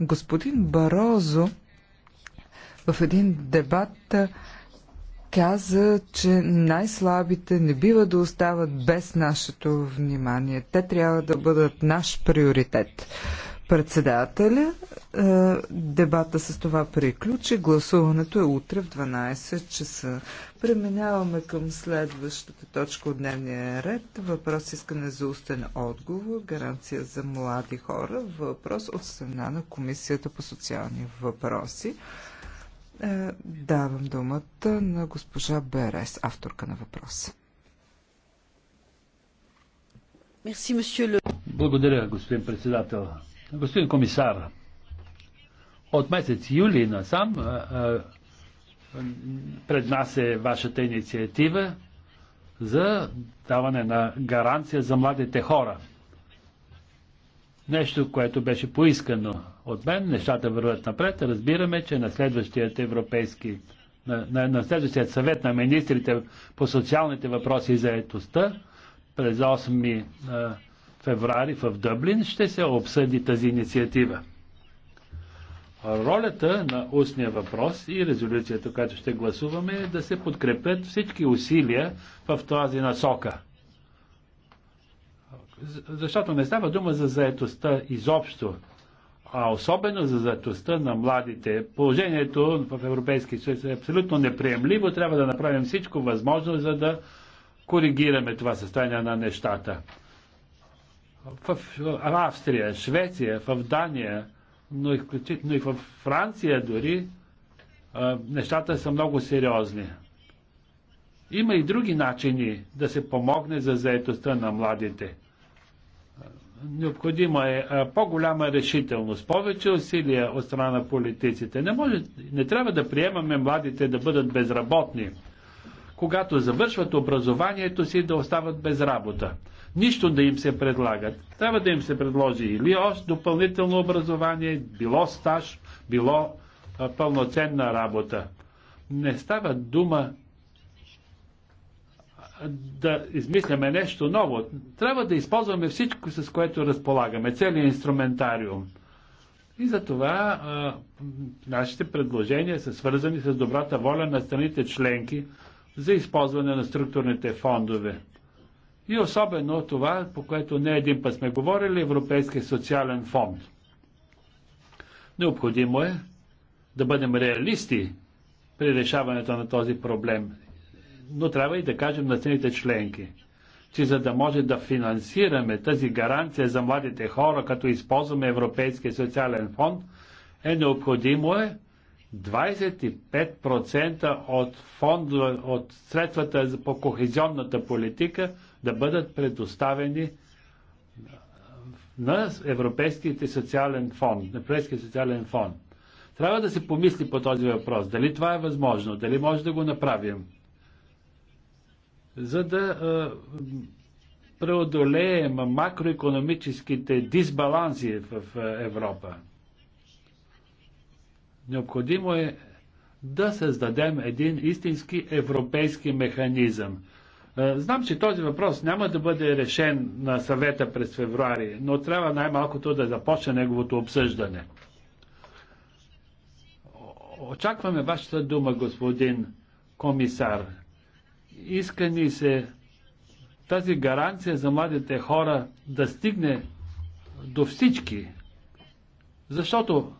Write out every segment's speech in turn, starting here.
Господин Барозо в един дебат каза, че най-слабите не бива да остават без нашето внимание. Те трябва да бъдат наш приоритет председателя. Е, дебата с това приключи. Гласуването е утре в 12 часа. Преминаваме към следващата точка от дневния ред. Въпрос искане за устен отговор, гаранция за млади хора. Въпрос от страна на Комисията по социални въпроси. Е, давам думата на госпожа Берес, авторка на въпроса. Благодаря, господин председател. Господин комисар, от месец юли насам пред нас е вашата инициатива за даване на гаранция за младите хора. Нещо, което беше поискано от мен, нещата върват напред. Разбираме, че на следващият европейски, на, на, на следващият съвет на министрите по социалните въпроси и заедостта през 8 феврари в Дъблин ще се обсъди тази инициатива. Ролята на устния въпрос и резолюцията, която ще гласуваме, е да се подкрепят всички усилия в тази насока. Защото не става дума за заетостта изобщо, а особено за заетостта на младите. Положението в Европейския съюз е абсолютно неприемливо. Трябва да направим всичко възможно, за да коригираме това състояние на нещата в Австрия, Швеция, в Дания, но, изключително и в Франция дори, нещата са много сериозни. Има и други начини да се помогне за заетостта на младите. Необходима е по-голяма решителност, повече усилия от страна на политиците. Не, може, не трябва да приемаме младите да бъдат безработни когато завършват образованието си, да остават без работа. Нищо да им се предлагат. Трябва да им се предложи или още допълнително образование, било стаж, било пълноценна работа. Не става дума да измисляме нещо ново. Трябва да използваме всичко, с което разполагаме, целият инструментариум. И за това нашите предложения са свързани с добрата воля на страните членки за използване на структурните фондове. И особено това, по което не един път сме говорили, Европейския социален фонд. Необходимо е да бъдем реалисти при решаването на този проблем. Но трябва и да кажем на цените членки, че за да може да финансираме тази гаранция за младите хора, като използваме Европейския социален фонд, е необходимо е 25% от фондове, от средствата по кохезионната политика да бъдат предоставени на Европейските социален фонд, на Европейския социален фонд. Трябва да се помисли по този въпрос. Дали това е възможно? Дали може да го направим? За да преодолеем макроекономическите дисбаланси в Европа. Необходимо е да създадем един истински европейски механизъм. Е, знам, че този въпрос няма да бъде решен на съвета през февруари, но трябва най-малкото да започне неговото обсъждане. Очакваме вашата дума, господин комисар. Иска ни се тази гаранция за младите хора да стигне до всички, защото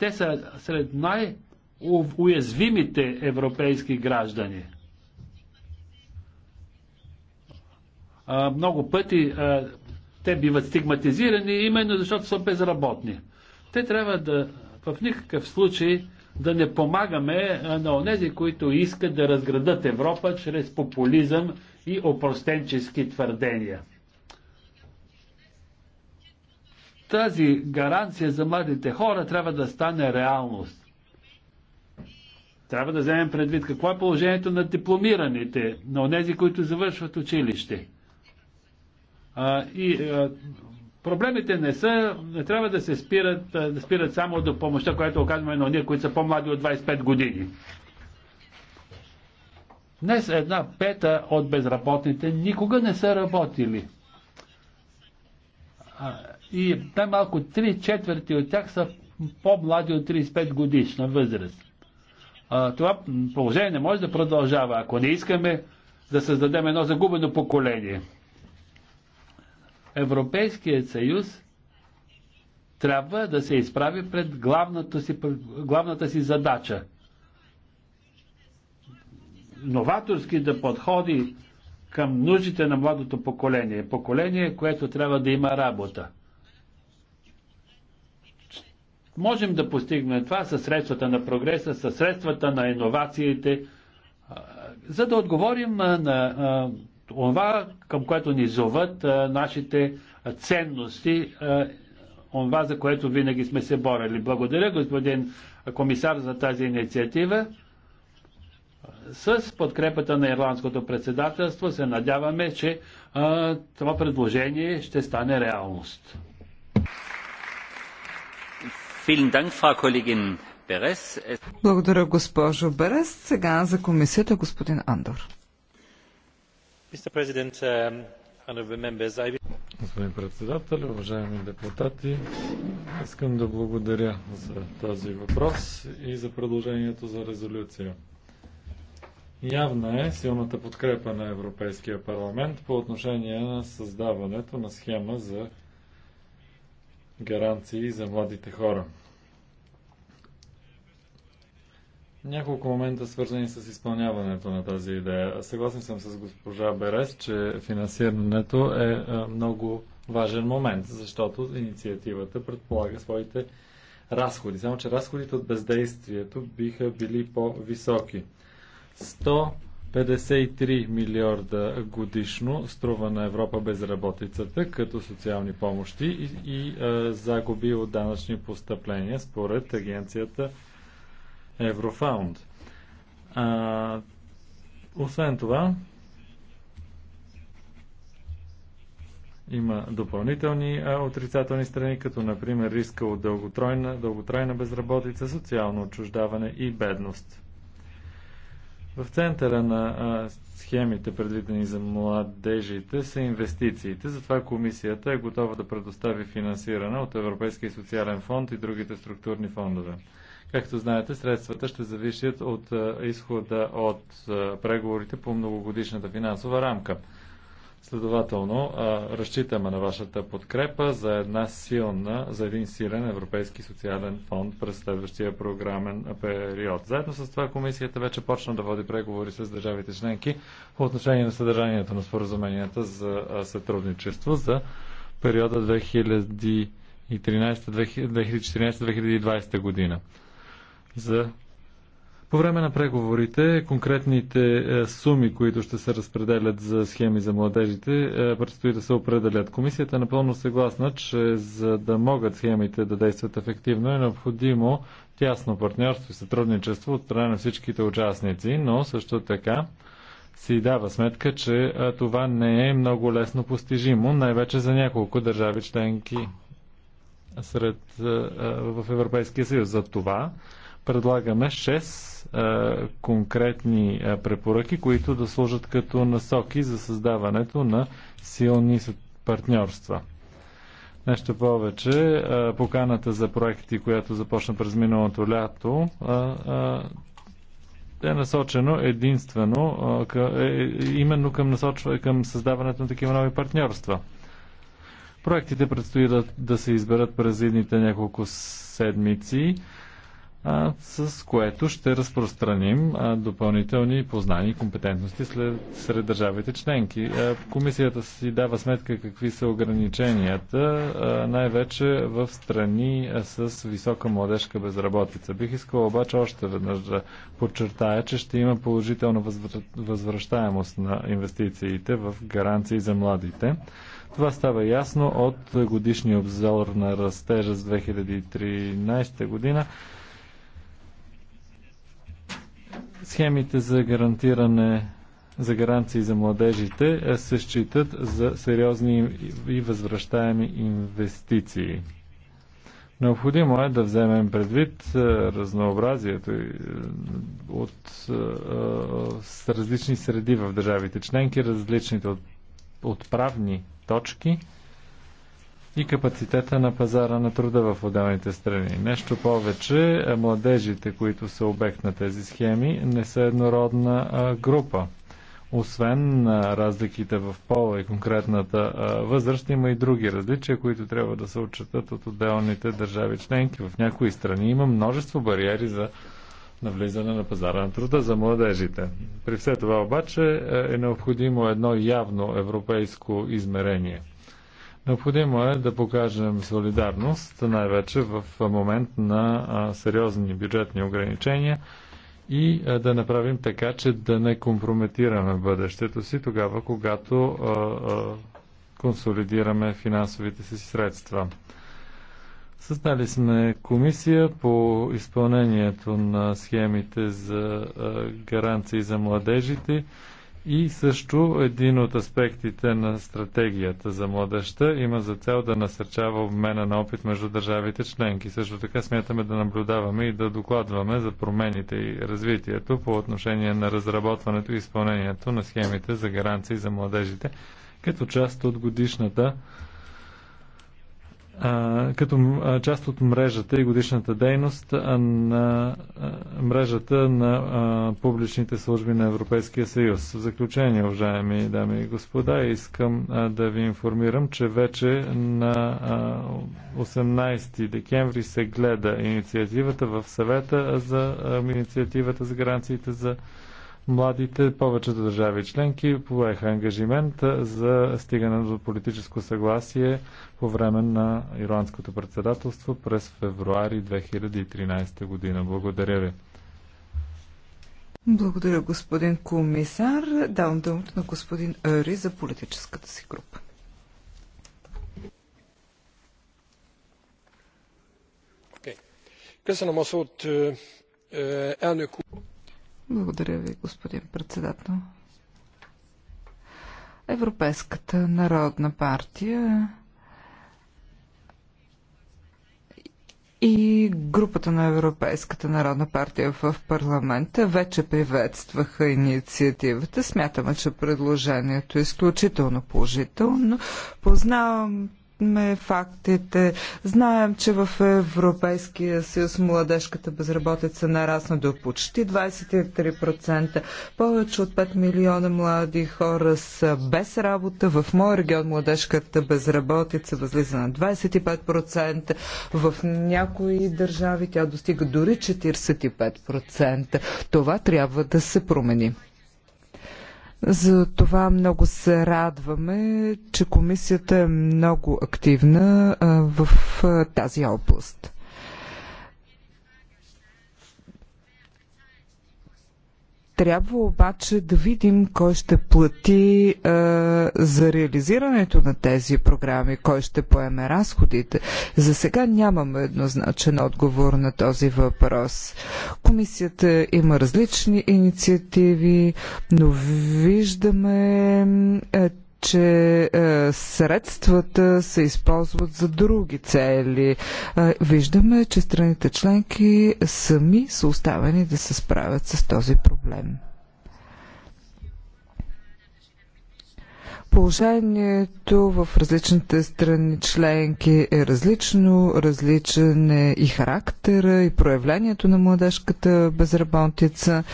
те са сред най-уязвимите европейски граждани. А, много пъти а, те биват стигматизирани, именно защото са безработни. Те трябва да в никакъв случай да не помагаме на онези, които искат да разградат Европа чрез популизъм и опростенчески твърдения. тази гаранция за младите хора трябва да стане реалност. Трябва да вземем предвид какво е положението на дипломираните, на тези, които завършват училище. А, и а, проблемите не са, не трябва да се спират, да спират само до помощта, която оказваме на ние, които са по-млади от 25 години. Днес една пета от безработните никога не са работили. А, и най-малко 3 четвърти от тях са по-млади от 35 годишна възраст. А, това положение не може да продължава, ако не искаме да създадем едно загубено поколение. Европейският съюз трябва да се изправи пред главната си, главната си задача. Новаторски да подходи към нуждите на младото поколение. Поколение, което трябва да има работа. Можем да постигнем това със средствата на прогреса, със средствата на иновациите, за да отговорим на това, към което ни зоват нашите ценности, това, за което винаги сме се борели. Благодаря, господин комисар, за тази инициатива. С подкрепата на Ирландското председателство се надяваме, че това предложение ще стане реалност. Благодаря, госпожо Берес. Сега за комисията господин Андор. Господин председател, уважаеми депутати, искам да благодаря за този въпрос и за предложението за резолюция. Явна е силната подкрепа на Европейския парламент по отношение на създаването на схема за гаранции за младите хора. Няколко момента свързани с изпълняването на тази идея. Съгласен съм с госпожа Берес, че финансирането е, е много важен момент, защото инициативата предполага своите разходи. Само, че разходите от бездействието биха били по-високи. 153 милиарда годишно струва на Европа безработицата като социални помощи и, и а, е, загуби от данъчни постъпления според агенцията Еврофаунд. А, освен това, има допълнителни а, отрицателни страни, като например риска от дълготройна, дълготрайна безработица, социално отчуждаване и бедност. В центъра на а, схемите, предвидени за младежите, са инвестициите. Затова комисията е готова да предостави финансиране от Европейския социален фонд и другите структурни фондове. Както знаете, средствата ще зависят от е, изхода от е, преговорите по многогодишната финансова рамка. Следователно, е, разчитаме на вашата подкрепа за една силна, за един силен Европейски социален фонд през следващия програмен период. Заедно с това комисията вече почна да води преговори с държавите членки по отношение на съдържанието на споразуменията за сътрудничество за периода 2013-2014-2020 година за по време на преговорите конкретните е, суми, които ще се разпределят за схеми за младежите, е, предстои да се определят. Комисията е напълно съгласна, че за да могат схемите да действат ефективно е необходимо тясно партньорство и сътрудничество от страна на всичките участници, но също така си дава сметка, че е, това не е много лесно постижимо, най-вече за няколко държави членки сред, в Европейския съюз. За това предлагаме 6 е, конкретни е, препоръки, които да служат като насоки за създаването на силни партньорства. Нещо повече, е, поканата за проекти, която започна през миналото лято, е насочено единствено е, именно към, насочва, към създаването на такива нови партньорства. Проектите предстои да, да се изберат през едните няколко седмици а, с което ще разпространим а, допълнителни познания и компетентности след, сред държавите членки. А, комисията си дава сметка какви са ограниченията, най-вече в страни с висока младежка безработица. Бих искал обаче още веднъж да подчертая, че ще има положителна възвръщаемост на инвестициите в гаранции за младите. Това става ясно от годишния обзор на растежа с 2013 година, Схемите за гарантиране за гаранции за младежите е, се считат за сериозни и възвръщаеми инвестиции. Необходимо е да вземем предвид е, разнообразието е, от с различни среди в държавите членки, различните отправни точки – и капацитета на пазара на труда в отделните страни. Нещо повече, е, младежите, които са обект на тези схеми, не са еднородна група. Освен на разликите в пола и конкретната възраст, има и други различия, които трябва да се отчетат от отделните държави членки. В някои страни има множество бариери за навлизане на пазара на труда за младежите. При все това обаче е, е необходимо едно явно европейско измерение – Необходимо е да покажем солидарност, най-вече в момент на сериозни бюджетни ограничения и да направим така, че да не компрометираме бъдещето си тогава, когато консолидираме финансовите си средства. Създали сме комисия по изпълнението на схемите за гаранции за младежите. И също един от аспектите на стратегията за младеща има за цел да насърчава обмена на опит между държавите членки. Също така смятаме да наблюдаваме и да докладваме за промените и развитието по отношение на разработването и изпълнението на схемите за гаранции за младежите като част от годишната като част от мрежата и годишната дейност на мрежата на публичните служби на Европейския съюз. В заключение, уважаеми дами и господа, искам да ви информирам, че вече на 18 декември се гледа инициативата в съвета за инициативата за гаранциите за младите, повечето държави членки поеха ангажимент за стигане до политическо съгласие по време на ирландското председателство през февруари 2013 година. Благодаря ви. Благодаря, господин комисар. Давам думата на господин Ери за политическата си група. Okay. Köszönöm a szót, uh, úr. Благодаря ви, господин председател. Европейската народна партия и групата на Европейската народна партия в парламента вече приветстваха инициативата. Смятаме, че предложението е изключително положително. Познавам отчитаме фактите. Знаем, че в Европейския съюз младежката безработица нарасна до почти 23%. Повече от 5 милиона млади хора са без работа. В моя регион младежката безработица възлиза на 25%. В някои държави тя достига дори 45%. Това трябва да се промени. За това много се радваме, че комисията е много активна в тази област. Трябва обаче да видим кой ще плати а, е, за реализирането на тези програми, кой ще поеме разходите. За сега нямаме еднозначен отговор на този въпрос. Комисията има различни инициативи, но виждаме е, че е, средствата се използват за други цели. Е, виждаме, че страните членки сами са оставени да се справят с този проблем. Положението в различните страни членки е различно, различен е и характера, и проявлението на младежката безработица.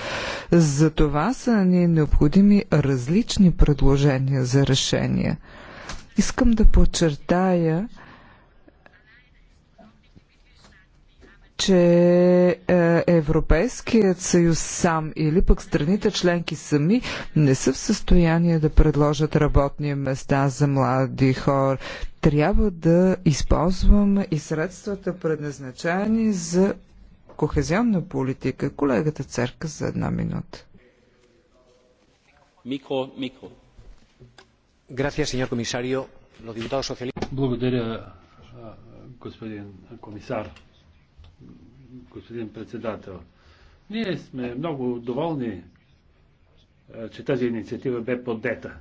За това са ни необходими различни предложения за решения. Искам да подчертая, че е, Европейският съюз сам или пък страните членки сами не са в състояние да предложат работни места за млади хора. Трябва да използваме и средствата предназначени за кохезионна политика. Колегата Церка за една минута. Микро, микро. Gracias, señor комисарио. Благодаря, господин комисар господин председател. Ние сме много доволни, е, че тази инициатива бе поддета.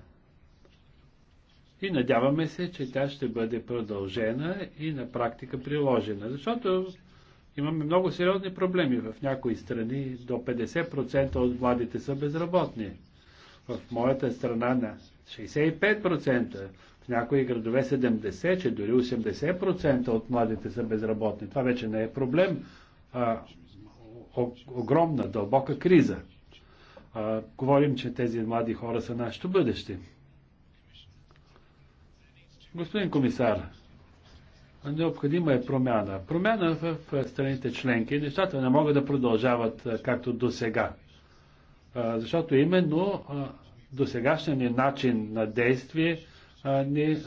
И надяваме се, че тя ще бъде продължена и на практика приложена. Защото имаме много сериозни проблеми. В някои страни до 50% от младите са безработни. В моята страна на 65%, в някои градове 70, че дори 80% от младите са безработни. Това вече не е проблем, а, о, огромна, дълбока криза. А, говорим, че тези млади хора са нашето бъдеще. Господин комисар, необходима е промяна. Промяна в, в страните членки. Нещата не могат да продължават както до сега. Защото именно досегашният сегашния начин на действие ни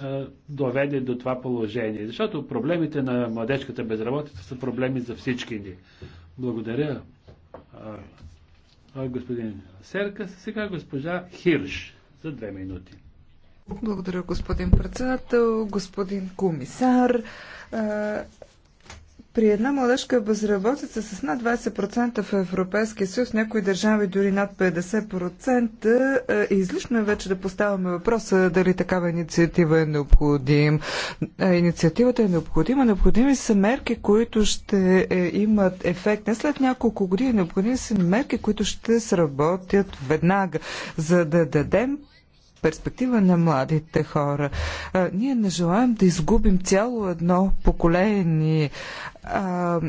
доведе до това положение. Защото проблемите на младежката безработица са проблеми за всички ни. Благодаря, господин Серка. Сега госпожа Хирш за две минути. Благодаря, господин председател, господин комисар. При една младежка безработица с над 20% в Европейския съюз, някои държави дори над 50%, е, е, излишно е вече да поставяме въпроса дали такава инициатива е необходим. Е, инициативата е необходима, необходими са мерки, които ще имат ефект не след няколко години, необходими са мерки, които ще сработят веднага, за да дадем перспектива на младите хора. А, ние не желаем да изгубим цяло едно поколение. А,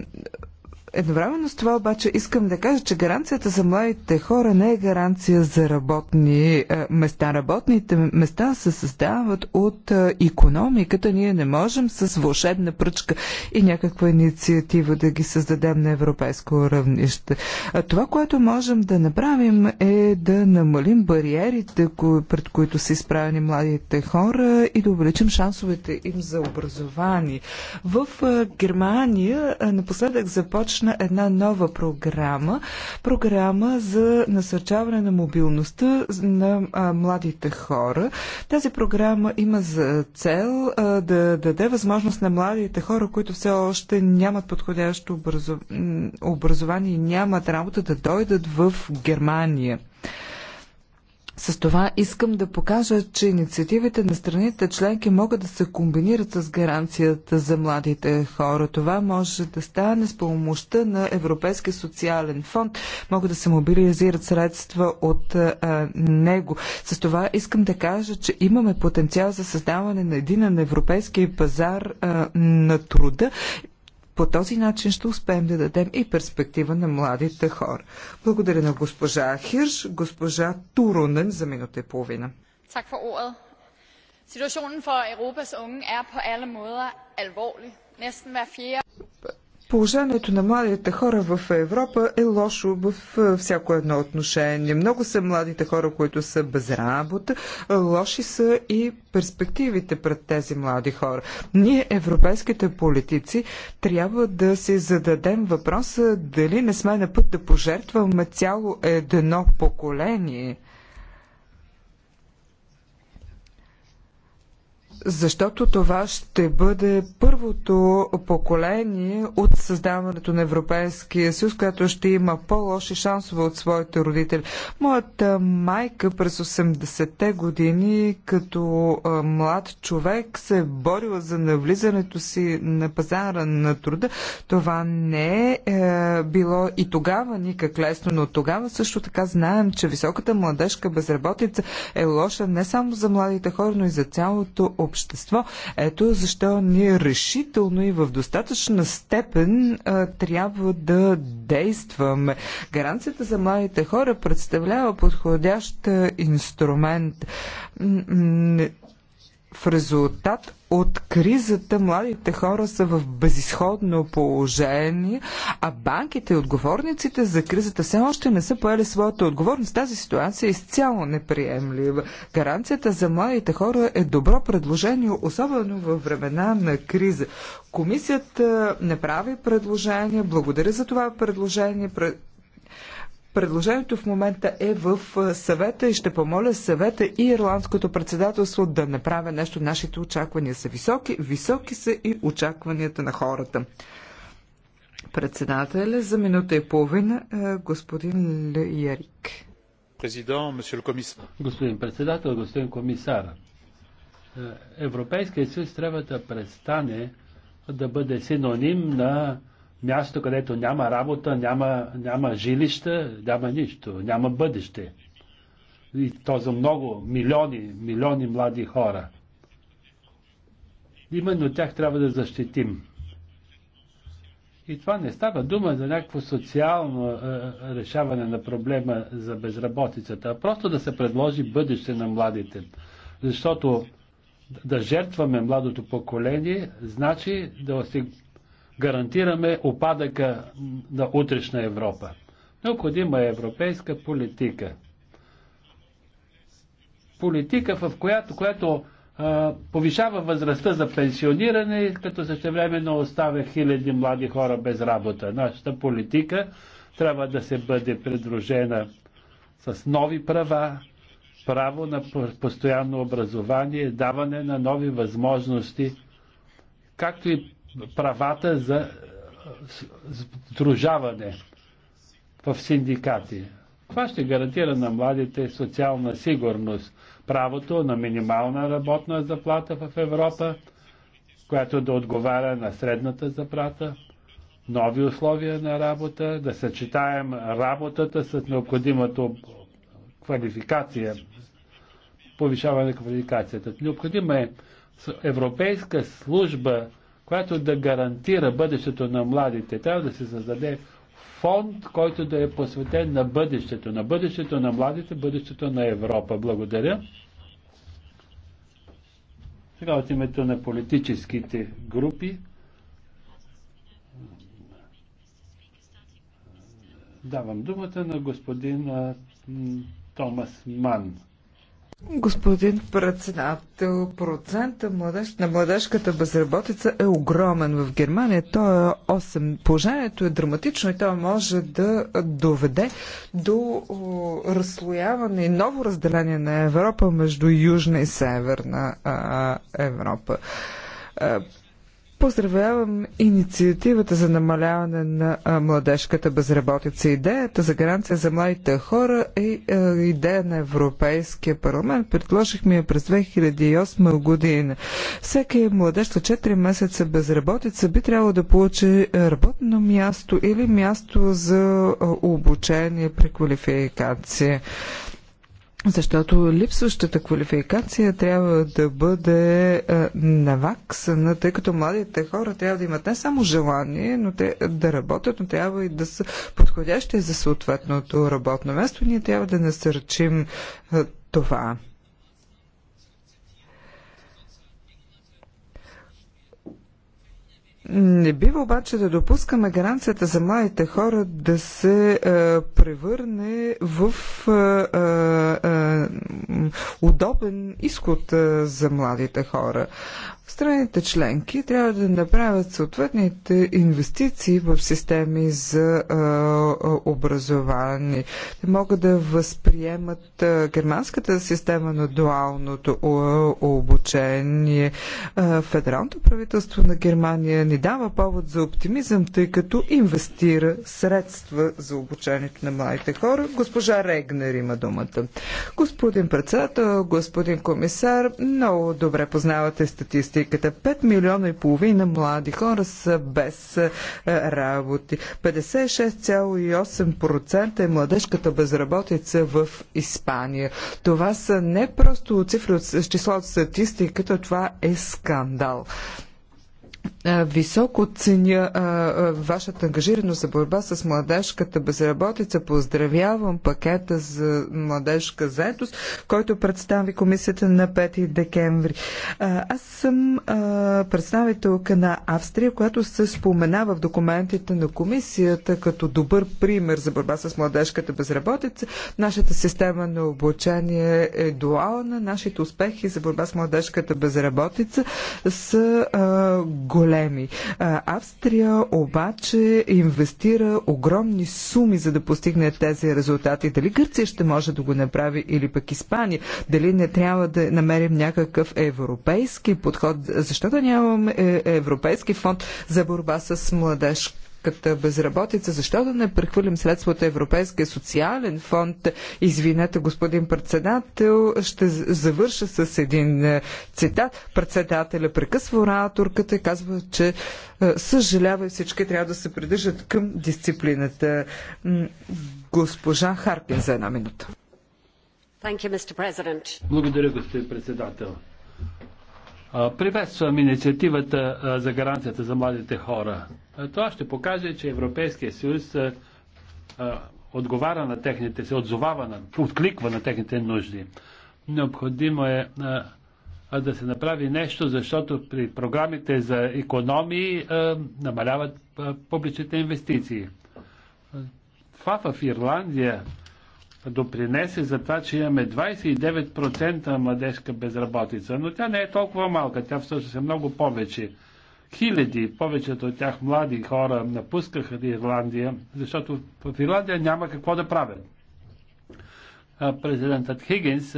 Едновременно с това обаче искам да кажа, че гаранцията за младите хора не е гаранция за работни е, места. Работните места се създават от економиката. Ние не можем с вълшебна пръчка и някаква инициатива да ги създадем на европейско равнище. Това, което можем да направим е да намалим бариерите, пред които са изправени младите хора и да увеличим шансовете им за образование. В е, Германия е, напоследък започна започна една нова програма, програма за насърчаване на мобилността на а, младите хора. Тази програма има за цел а, да, даде възможност на младите хора, които все още нямат подходящо образование и нямат работа, да дойдат в Германия. С това искам да покажа, че инициативите на страните членки могат да се комбинират с гаранцията за младите хора. Това може да стане с помощта на Европейския социален фонд. Могат да се мобилизират средства от а, него. С това искам да кажа, че имаме потенциал за създаване на един на пазар а, на труда по този начин ще успеем да дадем и перспектива на младите хора. Благодаря на госпожа Хирш, госпожа Турунен за минута и половина. Tak for Европа с for Europas unge er på alle måder alvorlig. Næsten hver fjerde... Положението на младите хора в Европа е лошо в е, всяко едно отношение. Много са младите хора, които са без работа. Лоши са и перспективите пред тези млади хора. Ние, европейските политици, трябва да си зададем въпроса дали не сме на път да пожертваме цяло едно поколение защото това ще бъде първото поколение от създаването на Европейския съюз, което ще има по-лоши шансове от своите родители. Моята майка през 80-те години като млад човек се е борила за навлизането си на пазара на труда. Това не е, е било и тогава никак лесно, но тогава също така знаем, че високата младежка безработица е лоша не само за младите хора, но и за цялото общество общество. Ето защо ние решително и в достатъчна степен а, трябва да действаме. Гаранцията за младите хора представлява подходящ инструмент в резултат от кризата младите хора са в безисходно положение, а банките и отговорниците за кризата все още не са поели своята отговорност. Тази ситуация е изцяло неприемлива. Гаранцията за младите хора е добро предложение, особено във времена на криза. Комисията направи предложение, благодаря за това предложение, Предложението в момента е в съвета и ще помоля съвета и ирландското председателство да направя нещо. Нашите очаквания са високи, високи са и очакванията на хората. Председателя за минута и половина господин Ярик. Господин председател, господин комисар, Европейския съюз трябва да престане да бъде синоним на място, където няма работа, няма, няма жилища, няма нищо, няма бъдеще. И то за много милиони, милиони млади хора. Именно тях трябва да защитим. И това не става дума за някакво социално е, е решаване на проблема за безработицата, а просто да се предложи бъдеще на младите. Защото да жертваме младото поколение, значи да осигурим гарантираме опадъка на утрешна Европа. Необходима е европейска политика. Политика, в която, която а, повишава възрастта за пенсиониране, като същевременно оставя хиляди млади хора без работа. Нашата политика трябва да се бъде придружена с нови права, право на постоянно образование, даване на нови възможности, както и правата за сдружаване в синдикати. Това ще гарантира на младите социална сигурност, правото на минимална работна заплата в Европа, която да отговаря на средната заплата, нови условия на работа, да съчетаем работата с необходимата квалификация, повишаване на квалификацията. Необходима е Европейска служба която да гарантира бъдещето на младите. Трябва да се създаде фонд, който да е посветен на бъдещето, на бъдещето на младите, бъдещето на Европа. Благодаря. Сега от името на политическите групи. Давам думата на господин Томас Ман. Господин председател, процента младеж, на младежката безработица е огромен в Германия. То е 8. Положението е драматично и то може да доведе до разслояване и ново разделение на Европа между Южна и Северна Европа Поздравявам инициативата за намаляване на младежката безработица. Идеята за гаранция за младите хора е, е идея на Европейския парламент. Предложихме я през 2008 година. Всеки младеж за 4 месеца безработица би трябвало да получи работно място или място за обучение, преквалификация. Защото липсващата квалификация трябва да бъде а, е, наваксана, тъй като младите хора трябва да имат не само желание но те, да работят, но трябва и да са подходящи за съответното работно место. Ние трябва да насърчим а, е, това. Не бива обаче да допускаме гаранцията за младите хора да се е, превърне в е, е, е удобен изход е, за младите хора. Страните членки трябва да направят съответните инвестиции в системи за а, образование. Те могат да възприемат а, германската система на дуалното обучение. А, федералното правителство на Германия ни дава повод за оптимизъм, тъй като инвестира средства за обучението на младите хора. Госпожа Регнер има думата. Господин председател, господин комисар, много добре познавате статистика статистиката. 5 милиона и половина млади хора са без е, работи. 56,8% е младежката безработица в Испания. Това са не просто цифри от числа от статистиката, това е скандал. Високо ценя вашата ангажираност за борба с младежката безработица. Поздравявам пакета за младежка заетост, който представи комисията на 5 декември. Аз съм представителка на Австрия, която се спомена в документите на комисията като добър пример за борба с младежката безработица. Нашата система на обучение е дуална. Нашите успехи за борба с младежката безработица са големи големи. Австрия обаче инвестира огромни суми, за да постигне тези резултати. Дали Гърция ще може да го направи или пък Испания? Дали не трябва да намерим някакъв европейски подход? Защо да нямаме е, европейски фонд за борба с младежка младежката безработица, защо да не прехвърлим средства от Европейския социален фонд? Извинете, господин председател, ще завърша с един е, цитат. Председателя прекъсва ораторката и казва, че е, съжалява и всички трябва да се придържат към дисциплината. Госпожа Харкин за една минута. Благодаря, господин председател. Приветствам инициативата за гаранцията за младите хора. Това ще покаже, че Европейския съюз отговаря на техните, се отзовава на, откликва на техните нужди. Необходимо е да се направи нещо, защото при програмите за економии намаляват публичните инвестиции. Това в Ирландия допринесе за това, че имаме 29% младежка безработица. Но тя не е толкова малка, тя всъщност е много повече. Хиляди, повечето от тях млади хора напускаха Ирландия, защото в Ирландия няма какво да правят. Президентът Хигинс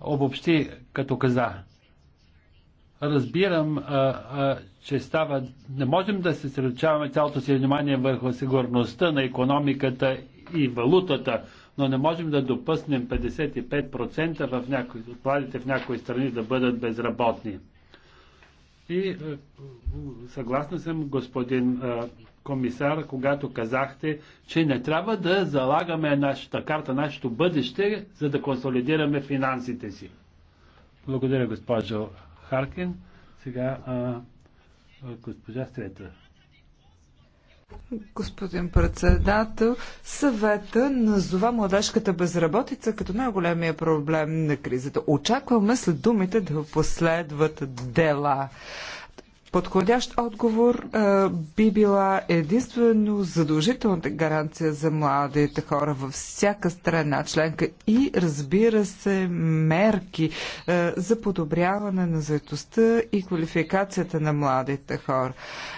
обобщи като каза. Разбирам, а, а, че става. Не можем да се средочаваме цялото си внимание върху сигурността на економиката и валутата, но не можем да допуснем 55% в някои, младите в някои страни да бъдат безработни. И е, съгласна съм, господин е, комисар, когато казахте, че не трябва да залагаме нашата карта, нашето бъдеще, за да консолидираме финансите си. Благодаря, госпожо Харкин. Сега а, госпожа Стрета. Господин председател, съвета назова младежката безработица като най-големия проблем на кризата. Очакваме след думите да последват дела. Подходящ отговор а, би била единствено задължителната гаранция за младите хора във всяка страна членка и разбира се мерки а, за подобряване на заетостта и квалификацията на младите хора.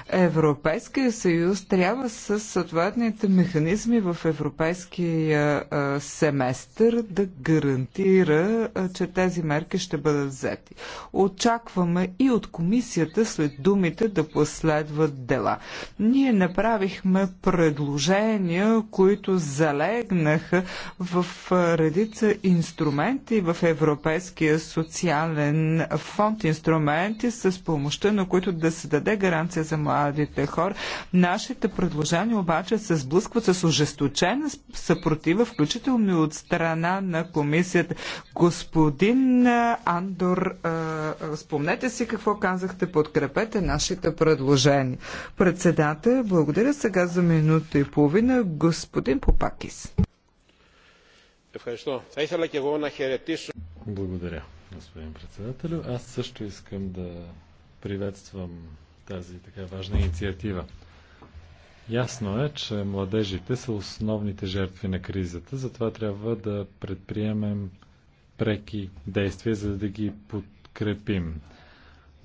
Европейския съюз трябва с съответните механизми в европейския а, семестър да гарантира, а, че тези мерки ще бъдат взети. Очакваме и от комисията след думите да последват дела. Ние направихме предложения, които залегнаха в редица инструменти в Европейския социален фонд, инструменти с помощта на които да се даде гаранция за младите хора. Нашите предложения обаче се сблъскват с ожесточена съпротива, включително и от страна на комисията. Господин Андор, спомнете си какво казахте, подкрепете приемете нашите предложения. Председател, благодаря сега за минута и половина господин Попакис. Благодаря, господин председател. Аз също искам да приветствам тази така важна инициатива. Ясно е, че младежите са основните жертви на кризата, затова трябва да предприемем преки действия, за да ги подкрепим.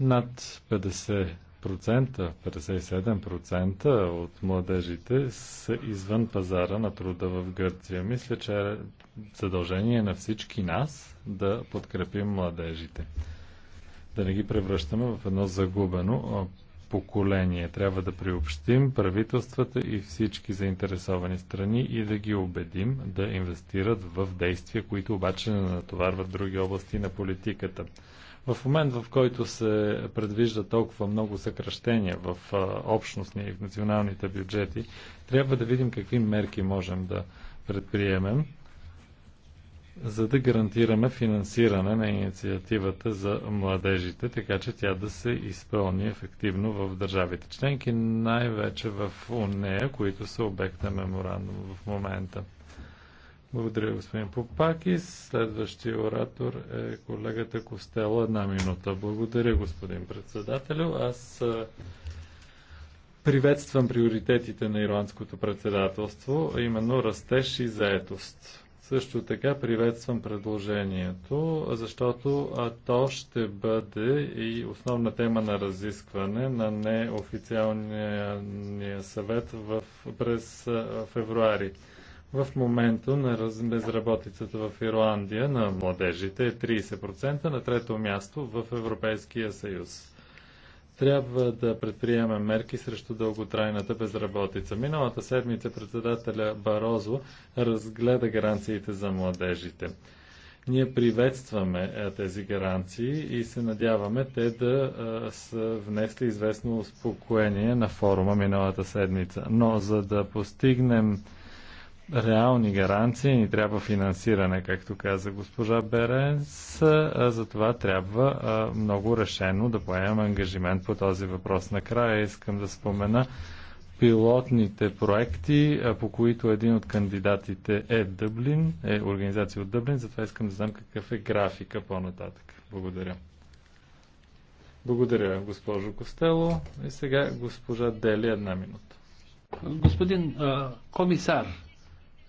Над 50%, 57% от младежите са извън пазара на труда в Гърция. Мисля, че е задължение на всички нас да подкрепим младежите. Да не ги превръщаме в едно загубено поколение. Трябва да приобщим правителствата и всички заинтересовани страни и да ги убедим да инвестират в действия, които обаче не натоварват други области на политиката. В момент, в който се предвижда толкова много съкръщения в общностния и в националните бюджети, трябва да видим какви мерки можем да предприемем, за да гарантираме финансиране на инициативата за младежите, така че тя да се изпълни ефективно в държавите членки, най-вече в нея, които са обект на меморандум в момента. Благодаря, господин Попакис. Следващия оратор е колегата Костела. Една минута. Благодаря, господин председателю. Аз приветствам приоритетите на ирландското председателство, а именно растеж и заетост. Също така приветствам предложението, защото то ще бъде и основна тема на разискване на неофициалния съвет в, през февруари. В момента на безработицата в Ирландия на младежите е 30%, на трето място в Европейския съюз. Трябва да предприеме мерки срещу дълготрайната безработица. Миналата седмица председателя Барозо разгледа гаранциите за младежите. Ние приветстваме е, тези гаранции и се надяваме те да е, са внесли известно успокоение на форума миналата седмица. Но за да постигнем реални гаранции, ни трябва финансиране, както каза госпожа Беренс. За това трябва много решено да поемем ангажимент по този въпрос. Накрая искам да спомена пилотните проекти, по които един от кандидатите е Дъблин, е организация от Дъблин, затова искам да знам какъв е графика по-нататък. Благодаря. Благодаря, госпожо Костело. И сега госпожа Дели една минута. Господин а, комисар,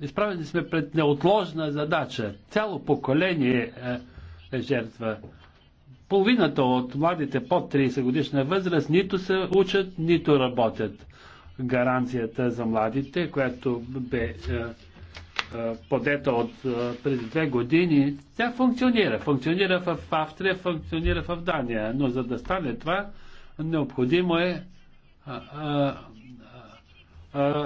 изправени сме пред неотложна задача. Цяло поколение е, е жертва. Половината от младите под 30 годишна възраст нито се учат, нито работят. Гаранцията за младите, която бе е, е подета от е, преди две години, тя функционира. Функционира в Австрия, функционира в Дания. Но за да стане това, необходимо е е, е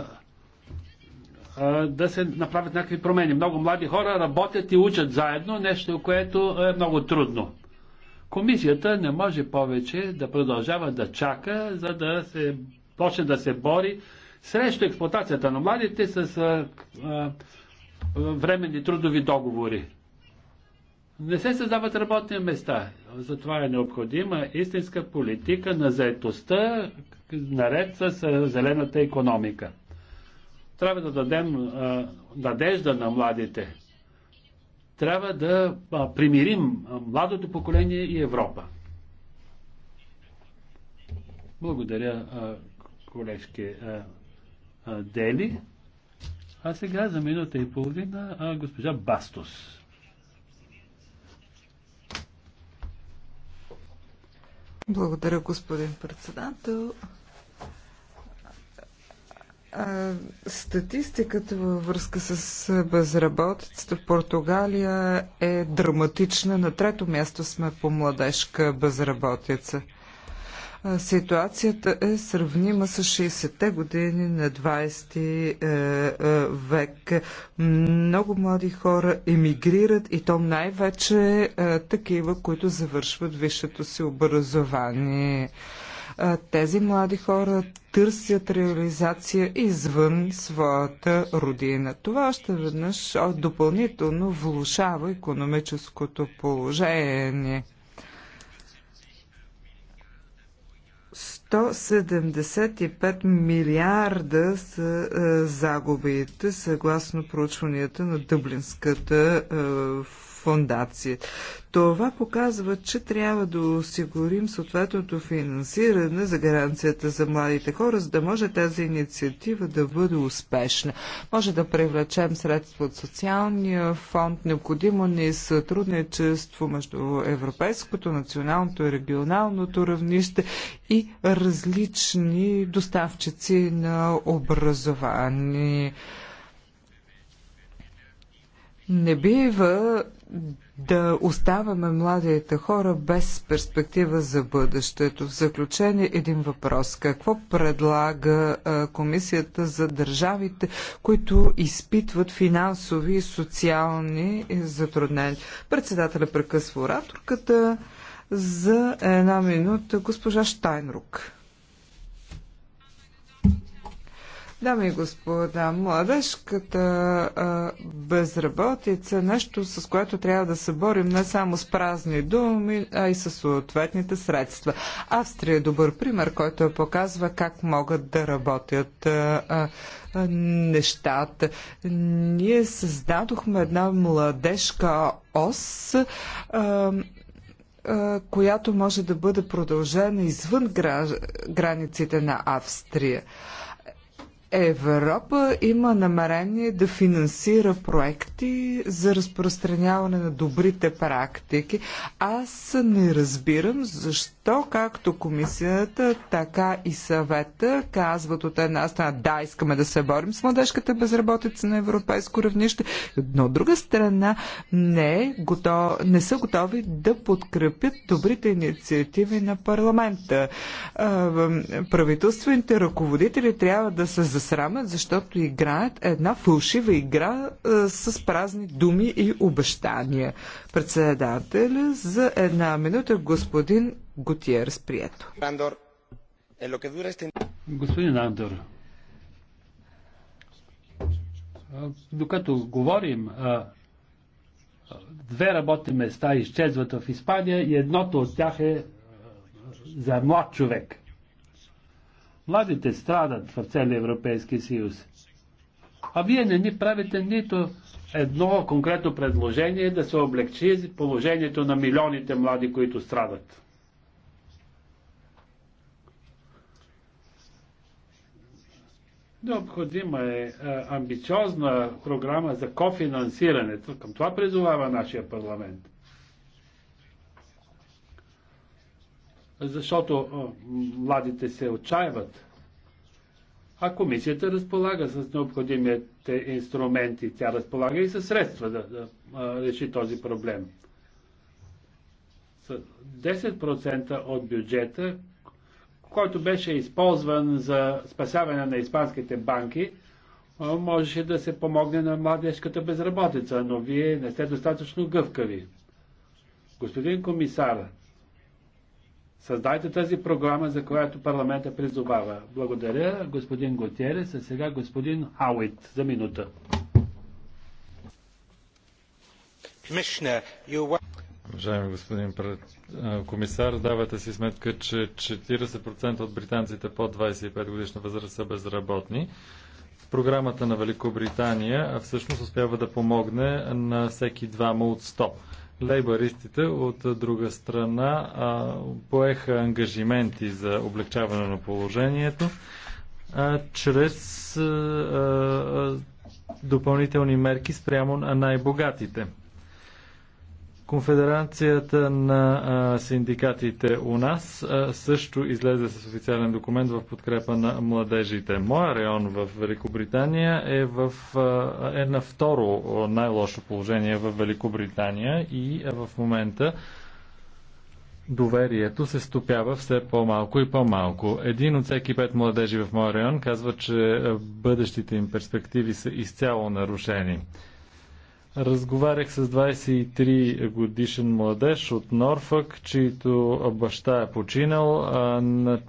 да се направят някакви промени. Много млади хора работят и учат заедно, нещо, което е много трудно. Комисията не може повече да продължава да чака, за да се почне да се бори срещу експлуатацията на младите с а, а, временни трудови договори. Не се създават работни места. Затова е необходима истинска политика на заетостта, наред с зелената економика. Трябва да дадем а, надежда на младите. Трябва да а, примирим младото поколение и Европа. Благодаря, а, колежки а, а, Дели. А сега за минута и половина а, госпожа Бастос. Благодаря, господин председател. Статистиката във връзка с безработицата в Португалия е драматична. На трето място сме по младежка безработица. Ситуацията е сравнима с 60-те години на 20 е, е, век. Много млади хора емигрират и то най-вече е, такива, които завършват висшето си образование. Тези млади хора търсят реализация извън своята родина. Това още веднъж допълнително влушава економическото положение. 175 милиарда са загубите, съгласно проучванията на Дъблинската фундация. Това показва, че трябва да осигурим съответното финансиране за гаранцията за младите хора, за да може тази инициатива да бъде успешна. Може да привлечем средства от социалния фонд, необходимо ни е сътрудничество между европейското, националното и регионалното равнище и различни доставчици на образование. Не бива да оставаме младите хора без перспектива за бъдещето. В заключение един въпрос. Какво предлага комисията за държавите, които изпитват финансови и социални затруднения? Председателя прекъсва ораторката за една минута госпожа Штайнрук. Дами и господа, младежката а, безработица е нещо, с което трябва да се борим не само с празни думи, а и с съответните средства. Австрия е добър пример, който я показва как могат да работят а, а, нещата. Ние създадохме една младежка ос. А, която може да бъде продължена извън границите на Австрия. Европа има намерение да финансира проекти за разпространяване на добрите практики. Аз не разбирам защо както комисията, така и съвета казват от една страна да, искаме да се борим с младежката безработица на европейско равнище, но от друга страна не, е готов, не са готови да подкрепят добрите инициативи на парламента. Правителствените ръководители трябва да се за срамят, защото играят една фалшива игра а, е, с празни думи и обещания. Председателя за една минута господин Готиерс Сприето. Е господин Андор, докато говорим, две работни места изчезват в Испания и едното от тях е за млад човек. Младите страдат в целия Европейски съюз. А вие не ни правите нито едно конкретно предложение да се облегчи положението на милионите млади, които страдат. Необходима е амбициозна програма за кофинансирането. Към това призовава нашия парламент. защото младите се отчаиват. А комисията разполага с необходимите инструменти. Тя разполага и със средства да, да а, реши този проблем. С 10% от бюджета, който беше използван за спасяване на испанските банки, можеше да се помогне на младежката безработица, но вие не сте достатъчно гъвкави. Господин комисар, Създайте тази програма, за която парламента призовава. Благодаря, господин Готерес, а сега господин Хауит за минута. Уважаеми господин пред... комисар, давате си сметка, че 40% от британците под 25 годишна възраст са безработни. Програмата на Великобритания всъщност успява да помогне на всеки двама от 100. Лейбаристите от друга страна а, поеха ангажименти за облегчаване на положението а, чрез а, допълнителни мерки спрямо на най-богатите. Конфедерацията на а, синдикатите у нас а, също излезе с официален документ в подкрепа на младежите. Моя район в Великобритания е, в, а, е на второ най-лошо положение в Великобритания и в момента доверието се стопява все по-малко и по-малко. Един от всеки пет младежи в моя район казва, че бъдещите им перспективи са изцяло нарушени. Разговарях с 23 годишен младеж от Норфък, чийто баща е починал.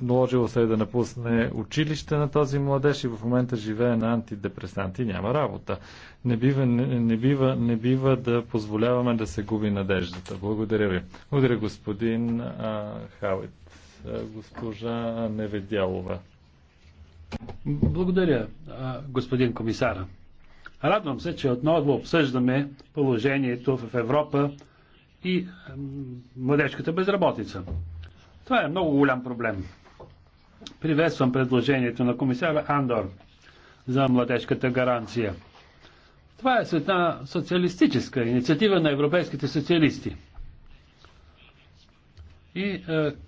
Наложило се е да напусне училище на този младеж и в момента живее на антидепресанти. Няма работа. Не бива, не, не бива, не бива да позволяваме да се губи надеждата. Благодаря ви. Благодаря господин а, Хауит. Госпожа Неведялова. Благодаря, господин комисара. Радвам се, че отново обсъждаме положението в Европа и младежката безработица. Това е много голям проблем. Приветствам предложението на комисара Андор за младежката гаранция. Това е една социалистическа инициатива на европейските социалисти. И е,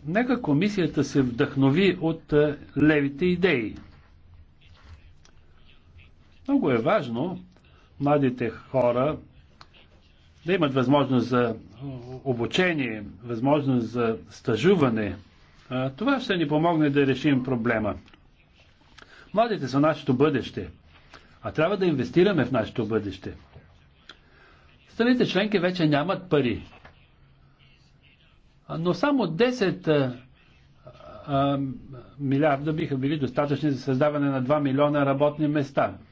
нека комисията се вдъхнови от е, левите идеи. Много е важно младите хора да имат възможност за обучение, възможност за стажуване. Това ще ни помогне да решим проблема. Младите са нашето бъдеще, а трябва да инвестираме в нашето бъдеще. Страните членки вече нямат пари. Но само 10 милиарда биха били достатъчни за създаване на 2 милиона работни места –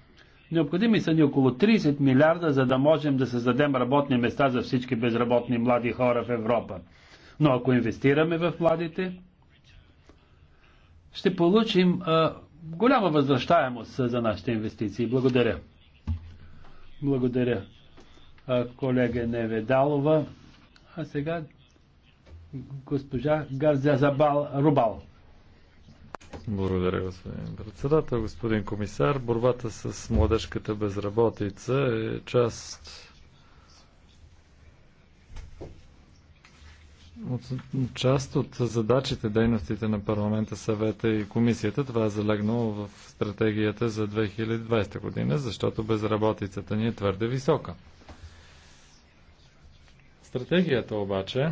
Необходими са ни около 30 милиарда, за да можем да създадем работни места за всички безработни млади хора в Европа. Но ако инвестираме в младите, ще получим а, голяма възвръщаемост за нашите инвестиции. Благодаря. Благодаря, а, колега Неведалова. А сега госпожа Гарзя Рубал. Благодаря, господин председател. Господин комисар, борбата с младежката безработица е част от, част от задачите, дейностите на парламента, съвета и комисията. Това е залегнало в стратегията за 2020 година, защото безработицата ни е твърде висока. Стратегията обаче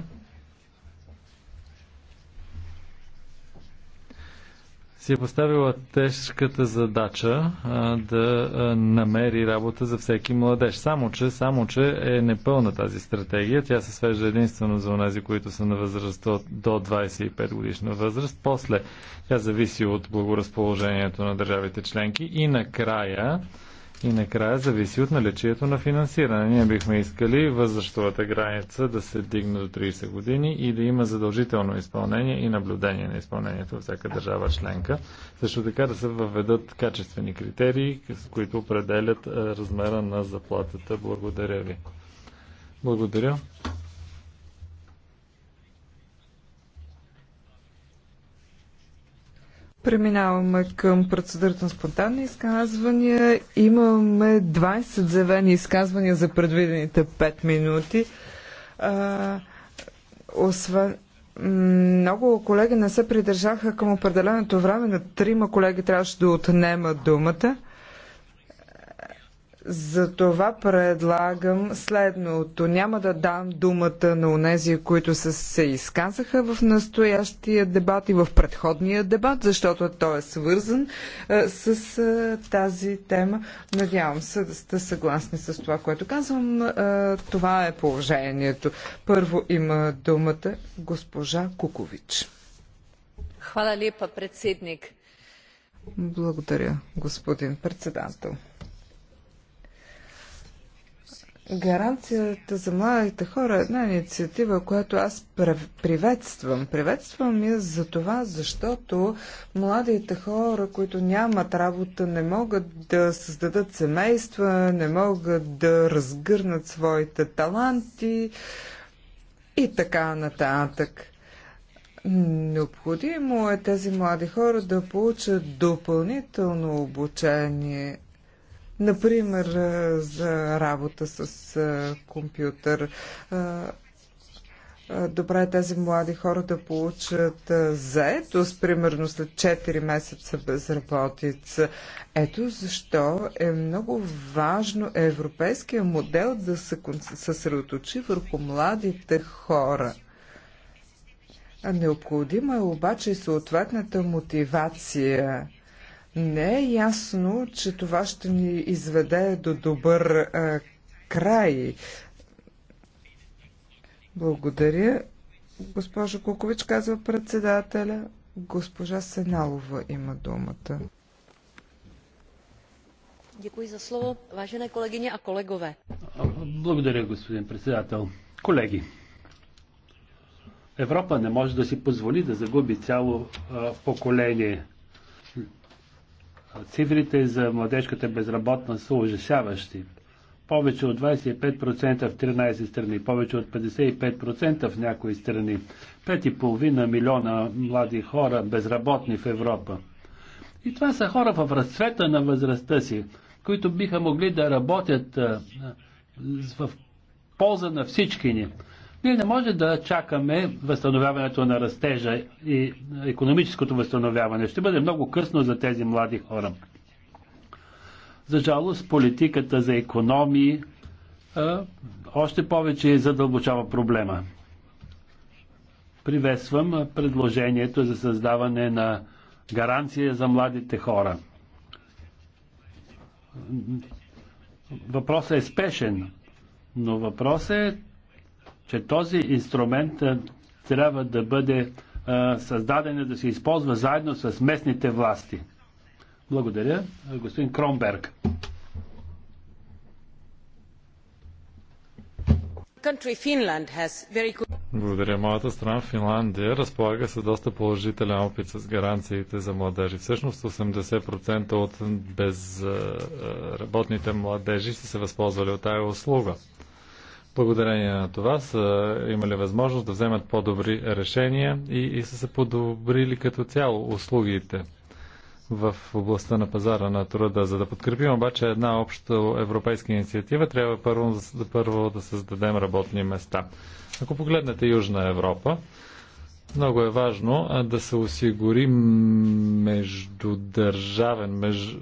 си е поставила тежката задача а, да а, намери работа за всеки младеж. Само че, само че е непълна тази стратегия. Тя се свежда единствено за онези, които са на възраст до 25 годишна възраст. После тя зависи от благоразположението на държавите членки. И накрая и накрая зависи от наличието на финансиране. Ние бихме искали възрастовата граница да се дигне до 30 години и да има задължително изпълнение и наблюдение на изпълнението във всяка държава членка. Също така да се въведат качествени критерии, с които определят размера на заплатата. Благодаря ви. Благодаря. Преминаваме към процедурата на спонтанни изказвания. Имаме 20 заявени изказвания за предвидените 5 минути. А, освен, много колеги не се придържаха към определеното време. На трима колеги трябваше да отнема думата. Затова предлагам следното. Няма да дам думата на онези, които са се изказаха в настоящия дебат и в предходния дебат, защото той е свързан е, с е, тази тема. Надявам се да сте съгласни с това, което казвам. Е, това е положението. Първо има думата госпожа Кукович. Хвала лепа, председник. Благодаря, господин председател. Гаранцията за младите хора е една инициатива, която аз приветствам. Приветствам я за това, защото младите хора, които нямат работа, не могат да създадат семейства, не могат да разгърнат своите таланти и така нататък. Необходимо е тези млади хора да получат допълнително обучение Например, за работа с компютър. Добре е тези млади хора да получат заетост, примерно след 4 месеца безработица. Ето защо е много важно европейския модел да се съсредоточи върху младите хора. Необходима е обаче и съответната мотивация. Не е ясно, че това ще ни изведе до добър а, е, край. Благодаря. Госпожо Кукович, казва председателя. Госпожа Сеналова има думата. Дякую за слово, vážené kolegyně a kolegové. Благодаря, господин председател. Колеги, Европа не може да си позволи да загуби цяло а, е, поколение Цифрите за младежката безработна са ужасяващи. Повече от 25% в 13 страни, повече от 55% в някои страни. 5,5 милиона млади хора безработни в Европа. И това са хора в разцвета на възрастта си, които биха могли да работят в полза на всички ни. Ние не може да чакаме възстановяването на растежа и економическото възстановяване. Ще бъде много късно за тези млади хора. За жалост, политиката за економии а, още повече задълбочава проблема. Приветствам предложението за създаване на гаранция за младите хора. Въпросът е спешен, но въпросът е че този инструмент трябва да бъде създаден и да се използва заедно с местните власти. Благодаря. Господин Кромберг. Благодаря. Моята страна Финландия разполага с доста положителен опит с гаранциите за младежи. Всъщност 80% от безработните младежи са се възползвали от тази услуга благодарение на това са имали възможност да вземат по-добри решения и, и са се подобрили като цяло услугите в областта на пазара на труда. За да подкрепим обаче една обща европейска инициатива, трябва първо, първо да създадем работни места. Ако погледнете Южна Европа, много е важно да се осигури междудържавен меж,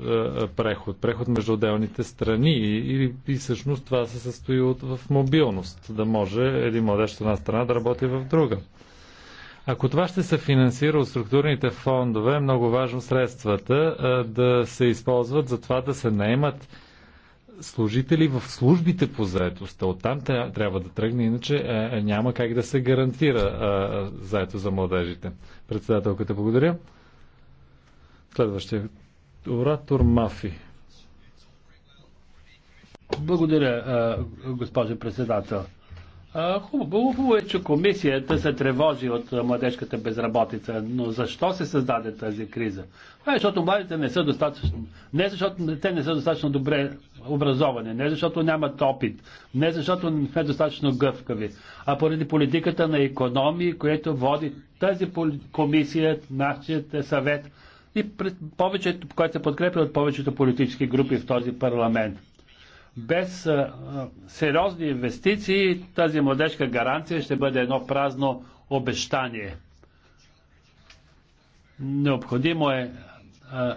преход, преход между отделните страни и, и всъщност това се състои от, в мобилност, да може един младеж от една страна да работи в друга. Ако това ще се финансира от структурните фондове, е много важно средствата да се използват за това да се наемат служители в службите по заетостта. Оттам трябва да тръгне, иначе е, е, няма как да се гарантира е, заето за младежите. Председателката, благодаря. Следващия оратор Мафи. Благодаря, госпожо председател. Хубаво, хубаво е, че комисията се тревожи от младежката безработица, но защо се създаде тази криза? Това е, защото младите не са достатъчно, не защото те не са достатъчно добре образовани, не защото нямат опит, не защото не сме достатъчно гъвкави, а поради политиката на економии, която води тази комисия, нашият съвет и повечето, което се подкрепя от повечето политически групи в този парламент без а, сериозни инвестиции тази младежка гаранция ще бъде едно празно обещание. Необходимо е. А,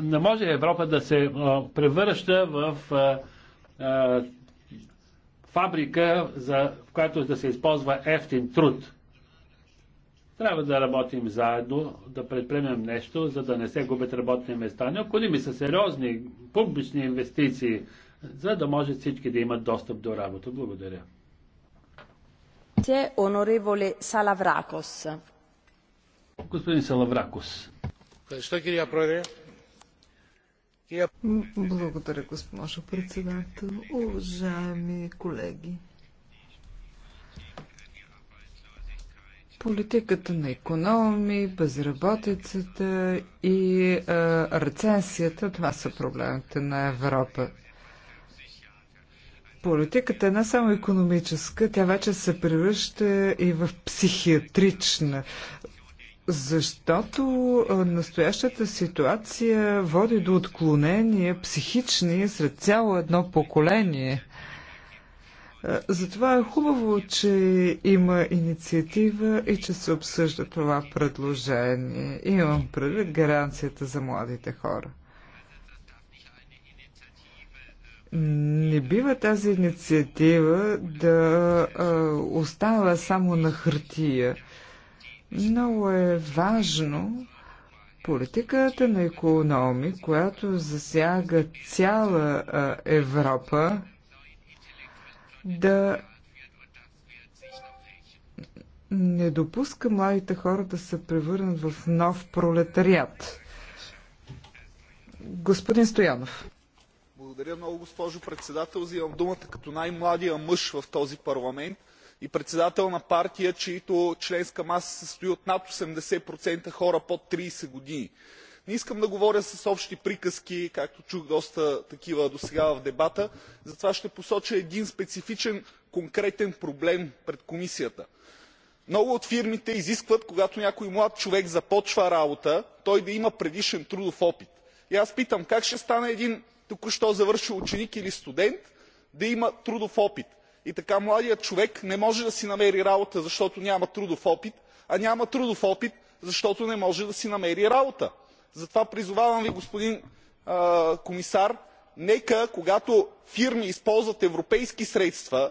не може Европа да се а, превръща в а, а, фабрика, за, в която да се използва ефтин труд. Трябва да работим заедно, да предприемем нещо, за да не се губят работни места. Необходими са сериозни публични инвестиции, за да може всички да имат достъп до работа. Благодаря. Господин Салавракос. Благодаря, госпожо председател. Уважаеми колеги. Политиката на економи, безработицата и а, рецесията. това са проблемите на Европа. Политиката е не само економическа, тя вече се превръща и в психиатрична. Защото настоящата ситуация води до отклонения психични сред цяло едно поколение. Е, затова е хубаво, че има инициатива и че се обсъжда това предложение. Имам предвид гаранцията за младите хора. Не бива тази инициатива да е, остава само на хартия. Много е важно политиката на економи, която засяга цяла е, Европа, да не допуска младите хора да се превърнат в нов пролетариат. Господин Стоянов. Благодаря много, госпожо председател. Взимам думата като най-младия мъж в този парламент и председател на партия, чието членска маса се състои от над 80% хора под 30 години. Не искам да говоря с общи приказки, както чух доста такива досега в дебата, затова ще посоча един специфичен конкретен проблем пред комисията. Много от фирмите изискват, когато някой млад човек започва работа, той да има предишен трудов опит. И аз питам, как ще стане един току-що завършил ученик или студент да има трудов опит? И така младият човек не може да си намери работа, защото няма трудов опит, а няма трудов опит, защото не може да си намери работа затова призовавам ви господин комисар нека когато фирми използват европейски средства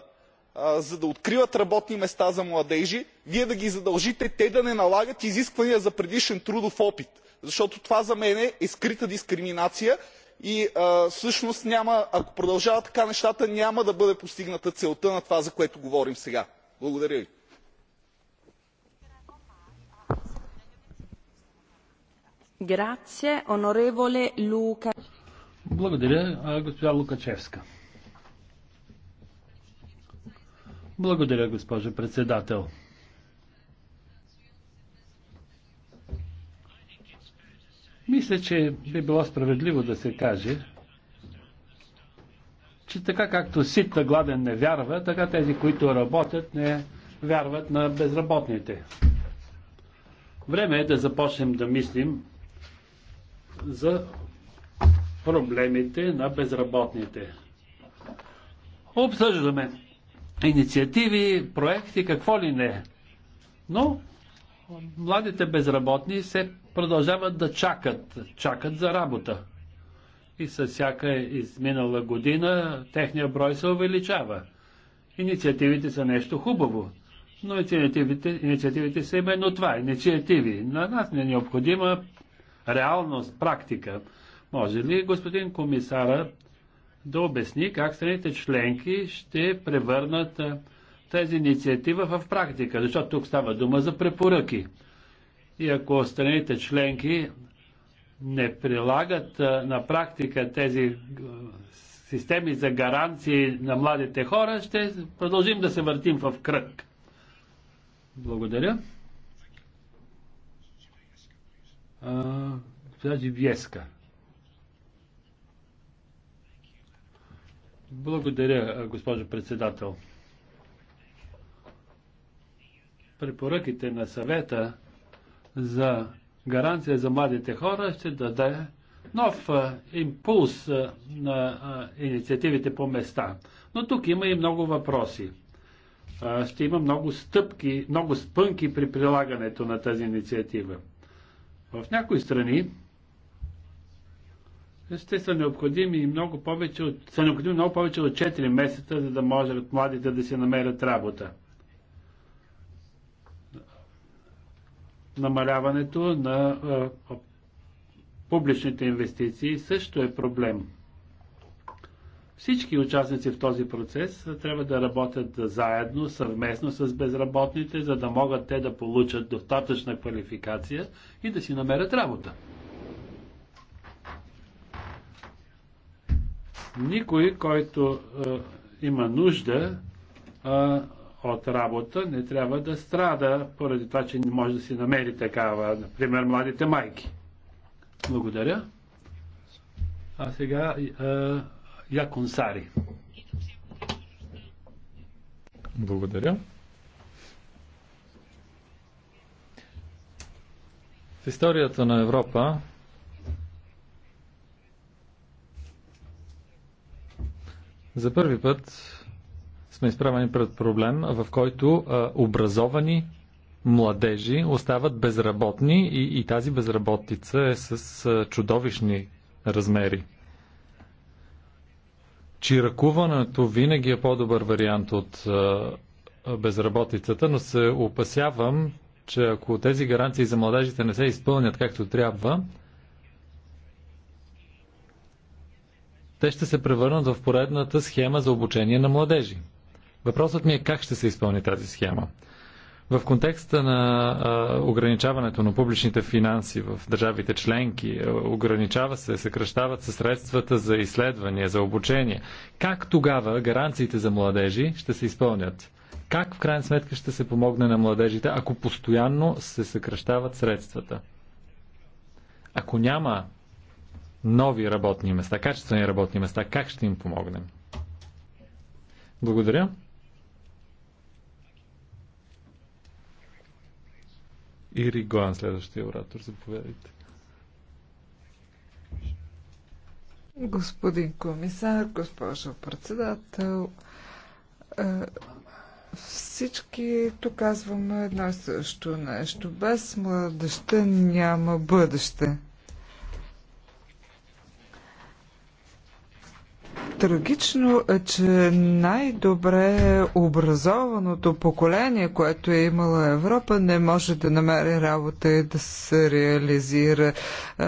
за да откриват работни места за младежи вие да ги задължите те да не налагат изисквания за предишен трудов опит защото това за мен е скрита дискриминация и всъщност ако продължават така нещата няма да бъде постигната целта на това за което говорим сега. благодаря ви. Грация, онореволе Лука. Благодаря, госпожа Лукачевска. Благодаря, госпожо председател. Мисля, че би било справедливо да се каже, че така както ситта гладен не вярва, така тези, които работят, не вярват на безработните. Време е да започнем да мислим за проблемите на безработните. Обсъждаме инициативи, проекти, какво ли не. Но младите безработни се продължават да чакат, чакат за работа. И със всяка изминала година техния брой се увеличава. Инициативите са нещо хубаво, но инициативите, инициативите са именно това, инициативи. На нас не е необходима реалност, практика. Може ли господин комисара да обясни как страните членки ще превърнат тази инициатива в практика? Защото тук става дума за препоръки. И ако страните членки не прилагат на практика тези системи за гаранции на младите хора, ще продължим да се въртим в кръг. Благодаря. Тази Веска. Благодаря, госпожо председател. Препоръките на съвета за гаранция за младите хора ще даде нов импулс на инициативите по места. Но тук има и много въпроси. Ще има много стъпки, много спънки при прилагането на тази инициатива. В някои страни ще са необходими и много повече от, са необходими много повече от 4 месеца, за да може младите да си намерят работа. Намаляването на а, публичните инвестиции също е проблем. Всички участници в този процес трябва да работят заедно, съвместно с безработните, за да могат те да получат достатъчна квалификация и да си намерят работа. Никой, който е, има нужда е, от работа, не трябва да страда поради това, че не може да си намери такава, например, младите майки. Благодаря. А сега. Е, Якон Сари. Благодаря. В историята на Европа за първи път сме изправени пред проблем, в който а, образовани младежи остават безработни и, и тази безработица е с а, чудовищни размери чиракуването винаги е по-добър вариант от безработицата, но се опасявам, че ако тези гаранции за младежите не се изпълнят както трябва, те ще се превърнат в поредната схема за обучение на младежи. Въпросът ми е как ще се изпълни тази схема. В контекста на ограничаването на публичните финанси в държавите членки, е, ограничава се, съкръщават се средствата за изследвания, за обучение. Как тогава гаранциите за младежи ще се изпълнят? Как в крайна сметка ще се помогне на младежите, ако постоянно се съкръщават средствата? Ако няма нови работни места, качествени работни места, как ще им помогнем? Благодаря. Ири Гоан, следващия оратор, заповядайте. Господин комисар, госпожо председател, е, всички тук казваме едно и също нещо. Без младеща няма бъдеще. Трагично е, че най-добре образованото поколение, което е имала Европа, не може да намери работа и да се реализира. Е,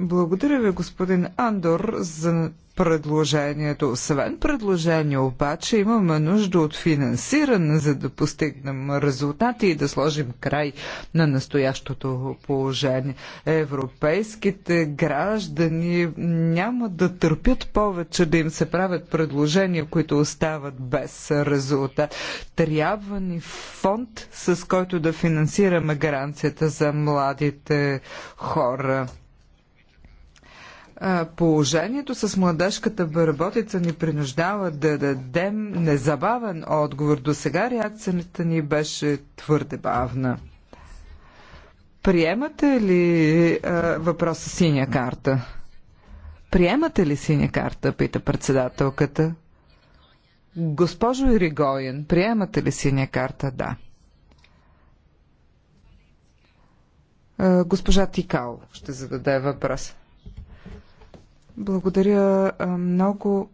благодаря ви, господин Андор, за предложението. Освен предложение обаче имаме нужда от финансиране, за да постигнем резултати и да сложим край на настоящото положение. Европейските граждани няма да търпят повече да им се правят предложения, които остават без резултат. Трябва ни фонд, с който да финансираме гаранцията за младите хора. Положението с младежката бърботица ни принуждава да дадем незабавен отговор. До сега реакцията ни беше твърде бавна. Приемате ли а, въпроса синя карта? Приемате ли синя карта, пита председателката. Госпожо Иригоен, приемате ли синя карта? Да. А, госпожа Тикал ще зададе въпрос. Благодаря много.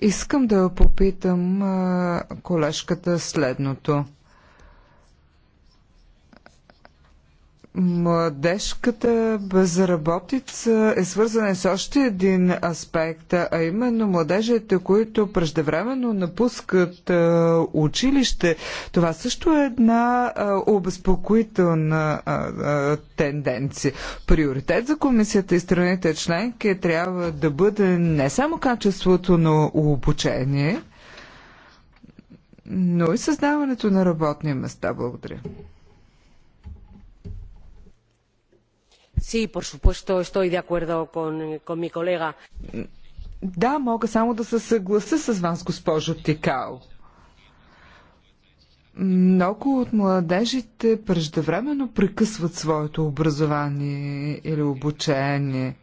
Искам да попитам колежката следното. Младежката безработица е свързана с още един аспект, а именно младежите, които преждевременно напускат училище. Това също е една обезпокоителна тенденция. Приоритет за комисията и страните членки трябва да бъде не само качеството на обучение, но и създаването на работни места. Благодаря. Sí, por supuesto, estoy de acuerdo con, con mi colega. Да, мога само да се съгласа с вас, госпожо Тикао. Много от младежите преждевременно прекъсват своето образование или обучение.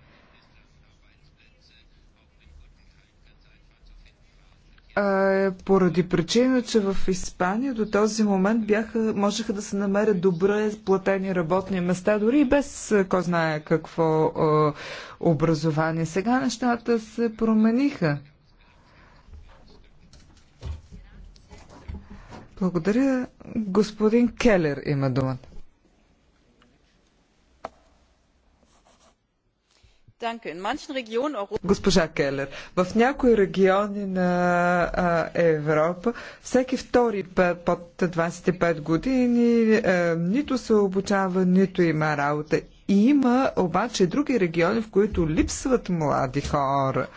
поради причина, че в Испания до този момент бяха, можеха да се намерят добре платени работни места, дори и без кой знае какво а, образование. Сега нещата се промениха. Благодаря. Господин Келер има думата. Госпожа Келер, в някои региони на Европа всеки втори под 25 години е, нито се обучава, нито има работа. И има обаче други региони, в които липсват млади хора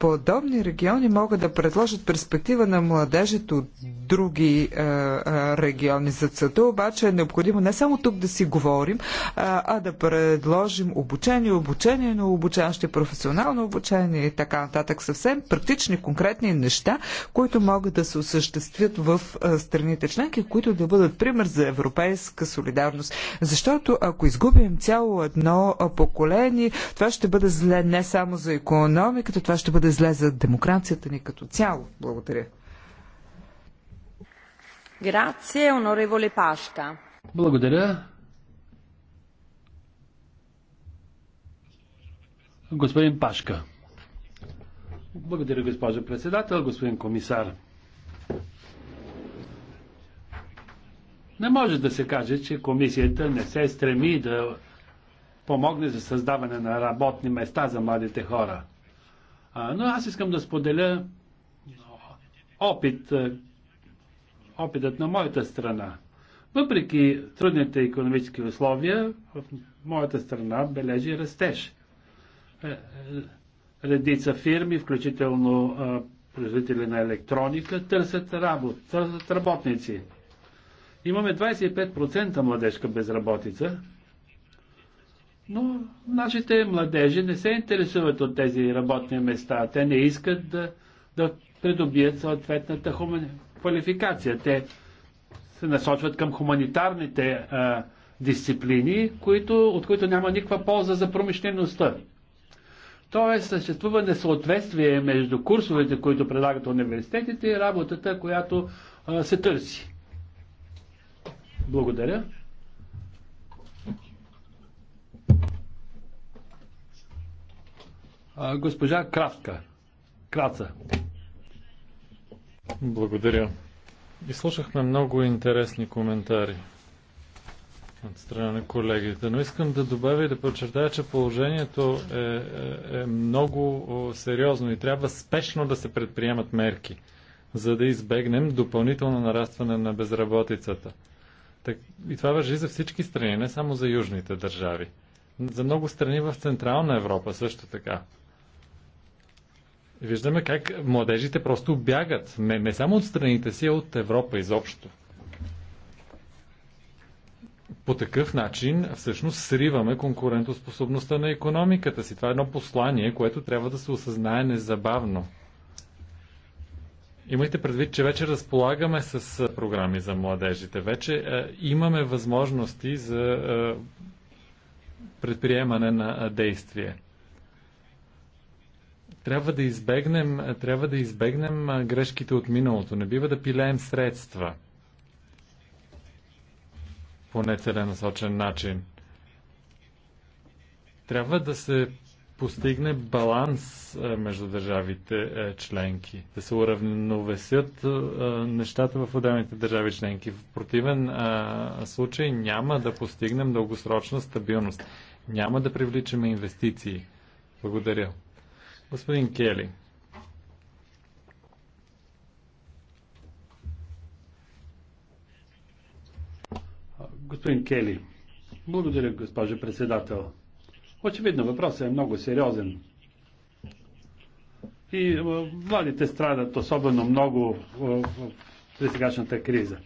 подобни региони могат да предложат перспектива на младежите от други а, е, е, региони. За целта обаче е необходимо не само тук да си говорим, а, а да предложим обучение, обучение на обучаващи, професионално обучение и така нататък. Съвсем практични, конкретни неща, които могат да се осъществят в е, страните членки, които да бъдат пример за европейска солидарност. Защото ако изгубим цяло едно поколение, това ще бъде зле не само за економиката, това ще бъде излезе демокрацията ни като цяло. Благодаря. Грация, онореволе Пашка. Благодаря. Господин Пашка. Благодаря, госпожо председател, господин комисар. Не може да се каже, че комисията не се стреми да помогне за създаване на работни места за младите хора. Но аз искам да споделя опит, опитът на моята страна. Въпреки трудните економически условия, в моята страна бележи растеж. Е, е, редица фирми, включително производители на електроника, търсят работ, търсят работници. Имаме 25% младежка безработица, но нашите младежи не се интересуват от тези работни места. Те не искат да, да придобият съответната хумани... квалификация. Те се насочват към хуманитарните а, дисциплини, които, от които няма никаква полза за промишлеността. Тоест съществува несъответствие между курсовете, които предлагат университетите и работата, която а, се търси. Благодаря. Госпожа Кравка. Краца. Благодаря. Изслушахме много интересни коментари от страна на колегите, но искам да добавя и да подчертая, че положението е, е, е много сериозно и трябва спешно да се предприемат мерки, за да избегнем допълнително нарастване на безработицата. Так, и това въжи за всички страни, не само за южните държави. За много страни в Централна Европа също така. Виждаме как младежите просто бягат не, не само от страните си, а от Европа изобщо. По такъв начин всъщност сриваме конкурентоспособността на економиката си. Това е едно послание, което трябва да се осъзнае незабавно. Имайте предвид, че вече разполагаме с програми за младежите. Вече е, имаме възможности за е, предприемане на действие. Трябва да избегнем, трябва да избегнем грешките от миналото. Не бива да пилеем средства по нецеленасочен начин. Трябва да се постигне баланс между държавите членки, да се уравновесят нещата в отделните държави членки. В противен случай няма да постигнем дългосрочна стабилност, няма да привличаме инвестиции. Благодаря. Господин Кели. Господин Кели. Благодаря, госпожо председател. Очевидно, въпросът е много сериозен. И е, младите страдат особено много е, при сегашната криза.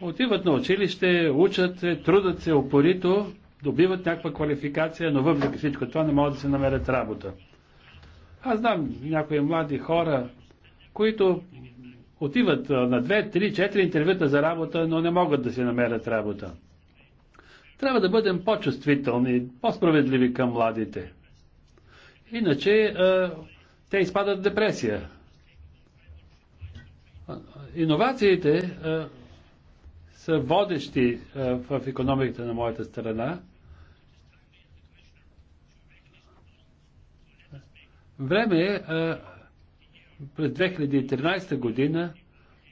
Отиват на училище, учат се, трудат се опорито, добиват някаква квалификация, но въпреки всичко това не могат да се намерят работа. Аз знам някои млади хора, които отиват на две, три, четири интервюта за работа, но не могат да си намерят работа. Трябва да бъдем по-чувствителни, по-справедливи към младите. Иначе те изпадат в депресия. Иновациите са водещи в економиката на моята страна Време е а, през 2013 година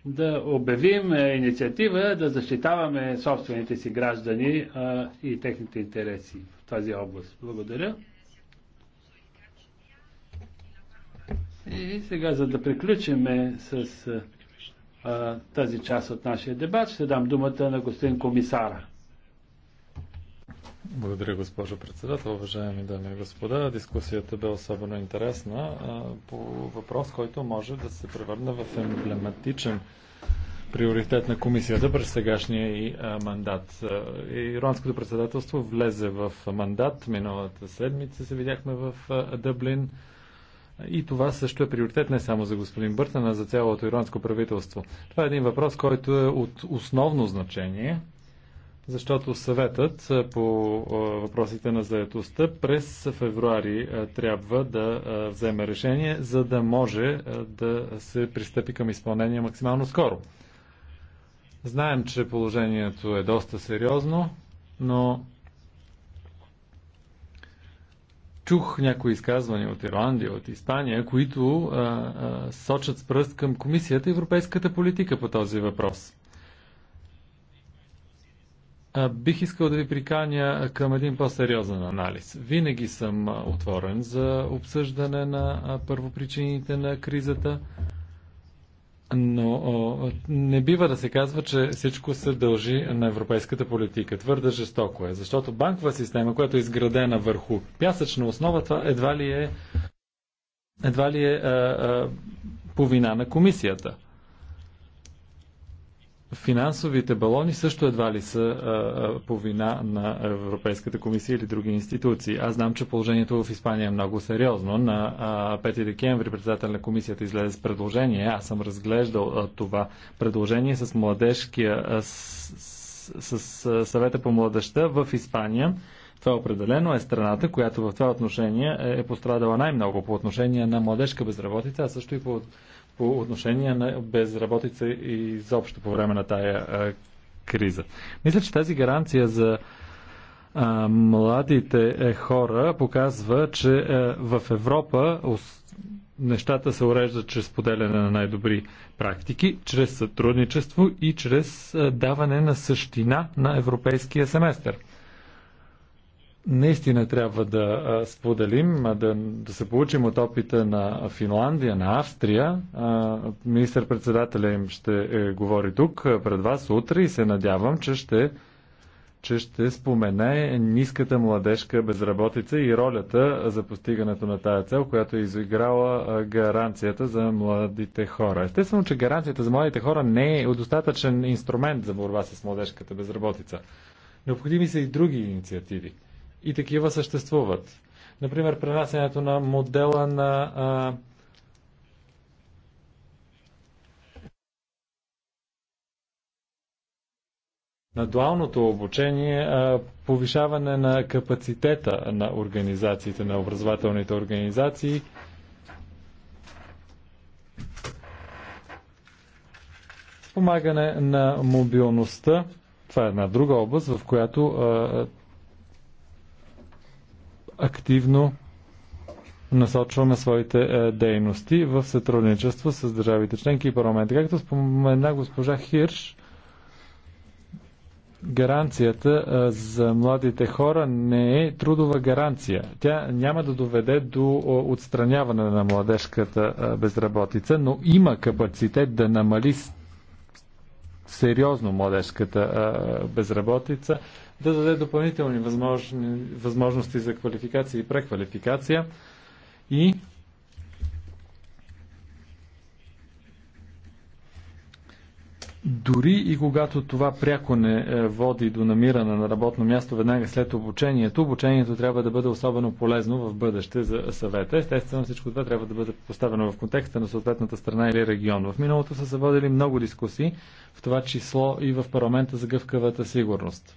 да обявим инициатива да защитаваме собствените си граждани а, и техните интереси в тази област. Благодаря. И сега, за да приключиме с а, тази част от нашия дебат, ще дам думата на господин комисара. Благодаря, госпожо председател. Уважаеми дами и господа, дискусията бе особено интересна по въпрос, който може да се превърне в емблематичен приоритет на комисията през сегашния и мандат. Иранското председателство влезе в мандат. Миналата седмица се видяхме в Дъблин. И това също е приоритет не само за господин Бъртън, а за цялото иранско правителство. Това е един въпрос, който е от основно значение – защото съветът по въпросите на заедостта през февруари трябва да вземе решение, за да може да се пристъпи към изпълнение максимално скоро. Знаем, че положението е доста сериозно, но чух някои изказвания от Ирландия, от Испания, които а, а, сочат с пръст към Комисията и европейската политика по този въпрос. Бих искал да ви приканя към един по-сериозен анализ. Винаги съм отворен за обсъждане на първопричините на кризата, но не бива да се казва, че всичко се дължи на европейската политика. Твърде жестоко е, защото банкова система, която е изградена върху пясъчна основа, това едва ли е, едва ли е, е, е повина на комисията. Финансовите балони също едва ли са а, по вина на Европейската комисия или други институции. Аз знам, че положението в Испания е много сериозно. На а, 5 декември председател на комисията излезе с предложение. Аз съм разглеждал а, това предложение с младежкия, а, с, с, с съвета по младеща в Испания. Това определено е страната, която в това отношение е пострадала най-много по отношение на младежка безработица, а също и по по отношение на безработица и заобщо по време на тая а, криза. Мисля, че тази гаранция за а, младите е, хора показва, че а, е, в Европа нещата се уреждат чрез поделяне на най-добри практики, чрез сътрудничество и чрез е, даване на същина на европейския семестър наистина трябва да споделим, да, да се получим от опита на Финландия, на Австрия. Министър-председателя им ще е, говори тук пред вас утре и се надявам, че ще, че ще спомене ниската младежка безработица и ролята за постигането на тая цел, която е изиграла гаранцията за младите хора. Естествено, че гаранцията за младите хора не е достатъчен инструмент за борба с младежката безработица. Необходими са и други инициативи. И такива съществуват. Например, пренасенето на модела на а, на дуалното обучение, повишаване на капацитета на организациите, на образователните организации. Помагане на мобилността. Това е една друга област, в която активно насочваме своите е, дейности в сътрудничество с държавите членки и парламента. Както спомена госпожа Хирш, гаранцията е, за младите хора не е трудова гаранция. Тя няма да доведе до е, отстраняване на младежката безработица, но има капацитет да намали сериозно младежката безработица да даде допълнителни възможни, възможности за квалификация и преквалификация и дори и когато това пряко не е, води до намиране на работно място веднага след обучението, обучението трябва да бъде особено полезно в бъдеще за съвета. Естествено всичко това трябва да бъде поставено в контекста на съответната страна или регион. В миналото са се водили много дискусии, в това число и в парламента за гъвкавата сигурност.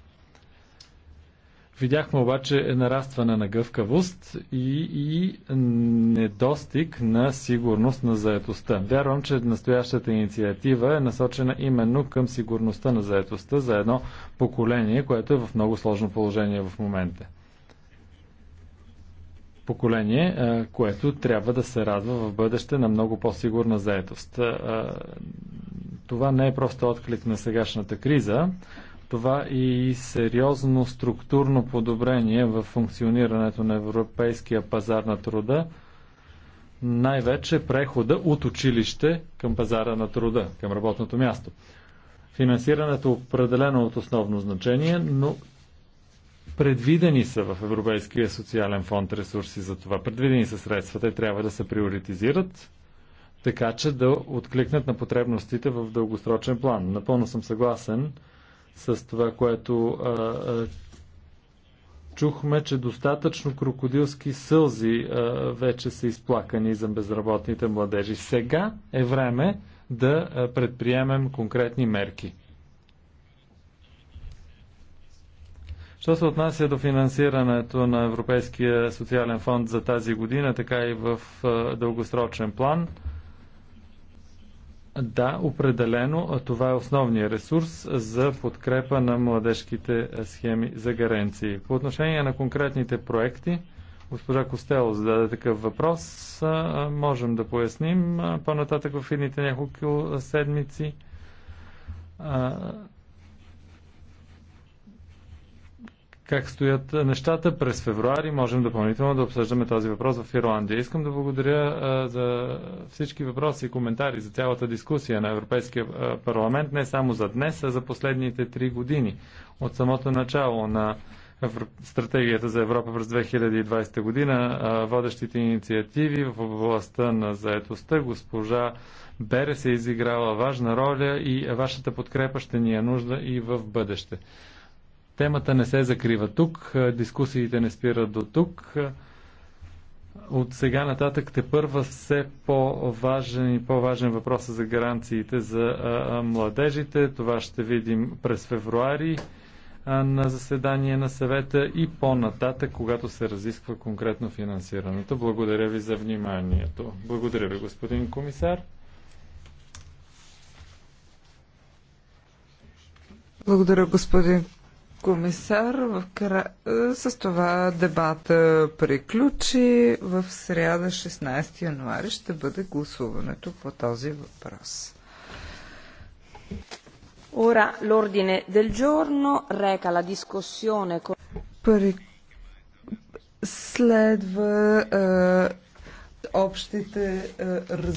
Видяхме обаче нарастване на гъвкавост и, и недостиг на сигурност на заетостта. Вярвам, че настоящата инициатива е насочена именно към сигурността на заетостта за едно поколение, което е в много сложно положение в момента. Поколение, което трябва да се радва в бъдеще на много по-сигурна заетост. Това не е просто отклик на сегашната криза, това и сериозно структурно подобрение в функционирането на европейския пазар на труда, най-вече прехода от училище към пазара на труда, към работното място. Финансирането определено е от основно значение, но предвидени са в Европейския социален фонд ресурси за това. Предвидени са средства, те трябва да се приоритизират, така че да откликнат на потребностите в дългосрочен план. Напълно съм съгласен с това, което а, а, чухме, че достатъчно крокодилски сълзи а, вече са изплакани за безработните младежи. Сега е време да предприемем конкретни мерки. Що се отнася до финансирането на Европейския социален фонд за тази година, така и в дългосрочен план, да, определено това е основният ресурс за подкрепа на младежките схеми за гаренции. По отношение на конкретните проекти, госпожа Костело зададе такъв въпрос. Можем да поясним по-нататък в едните няколко седмици. как стоят нещата. През февруари можем допълнително да обсъждаме този въпрос в Ирландия. Искам да благодаря а, за всички въпроси и коментари, за цялата дискусия на Европейския парламент, не само за днес, а за последните три години. От самото начало на стратегията за Европа през 2020 година, водещите инициативи в областта на заетостта, госпожа Бере се изиграла важна роля и вашата подкрепа ще ни е нужда и в бъдеще. Темата не се закрива тук, дискусиите не спират до тук. От сега нататък те първа все по-важен и по-важен въпрос за гаранциите за младежите. Това ще видим през февруари на заседание на съвета и по-нататък, когато се разисква конкретно финансирането. Благодаря ви за вниманието. Благодаря ви, господин комисар. Благодаря, господин комисар. В кра... С това дебата приключи. В среда 16 януари ще бъде гласуването по този въпрос. Ora l'ordine del giorno reca la discussione con... Следва е, общите е,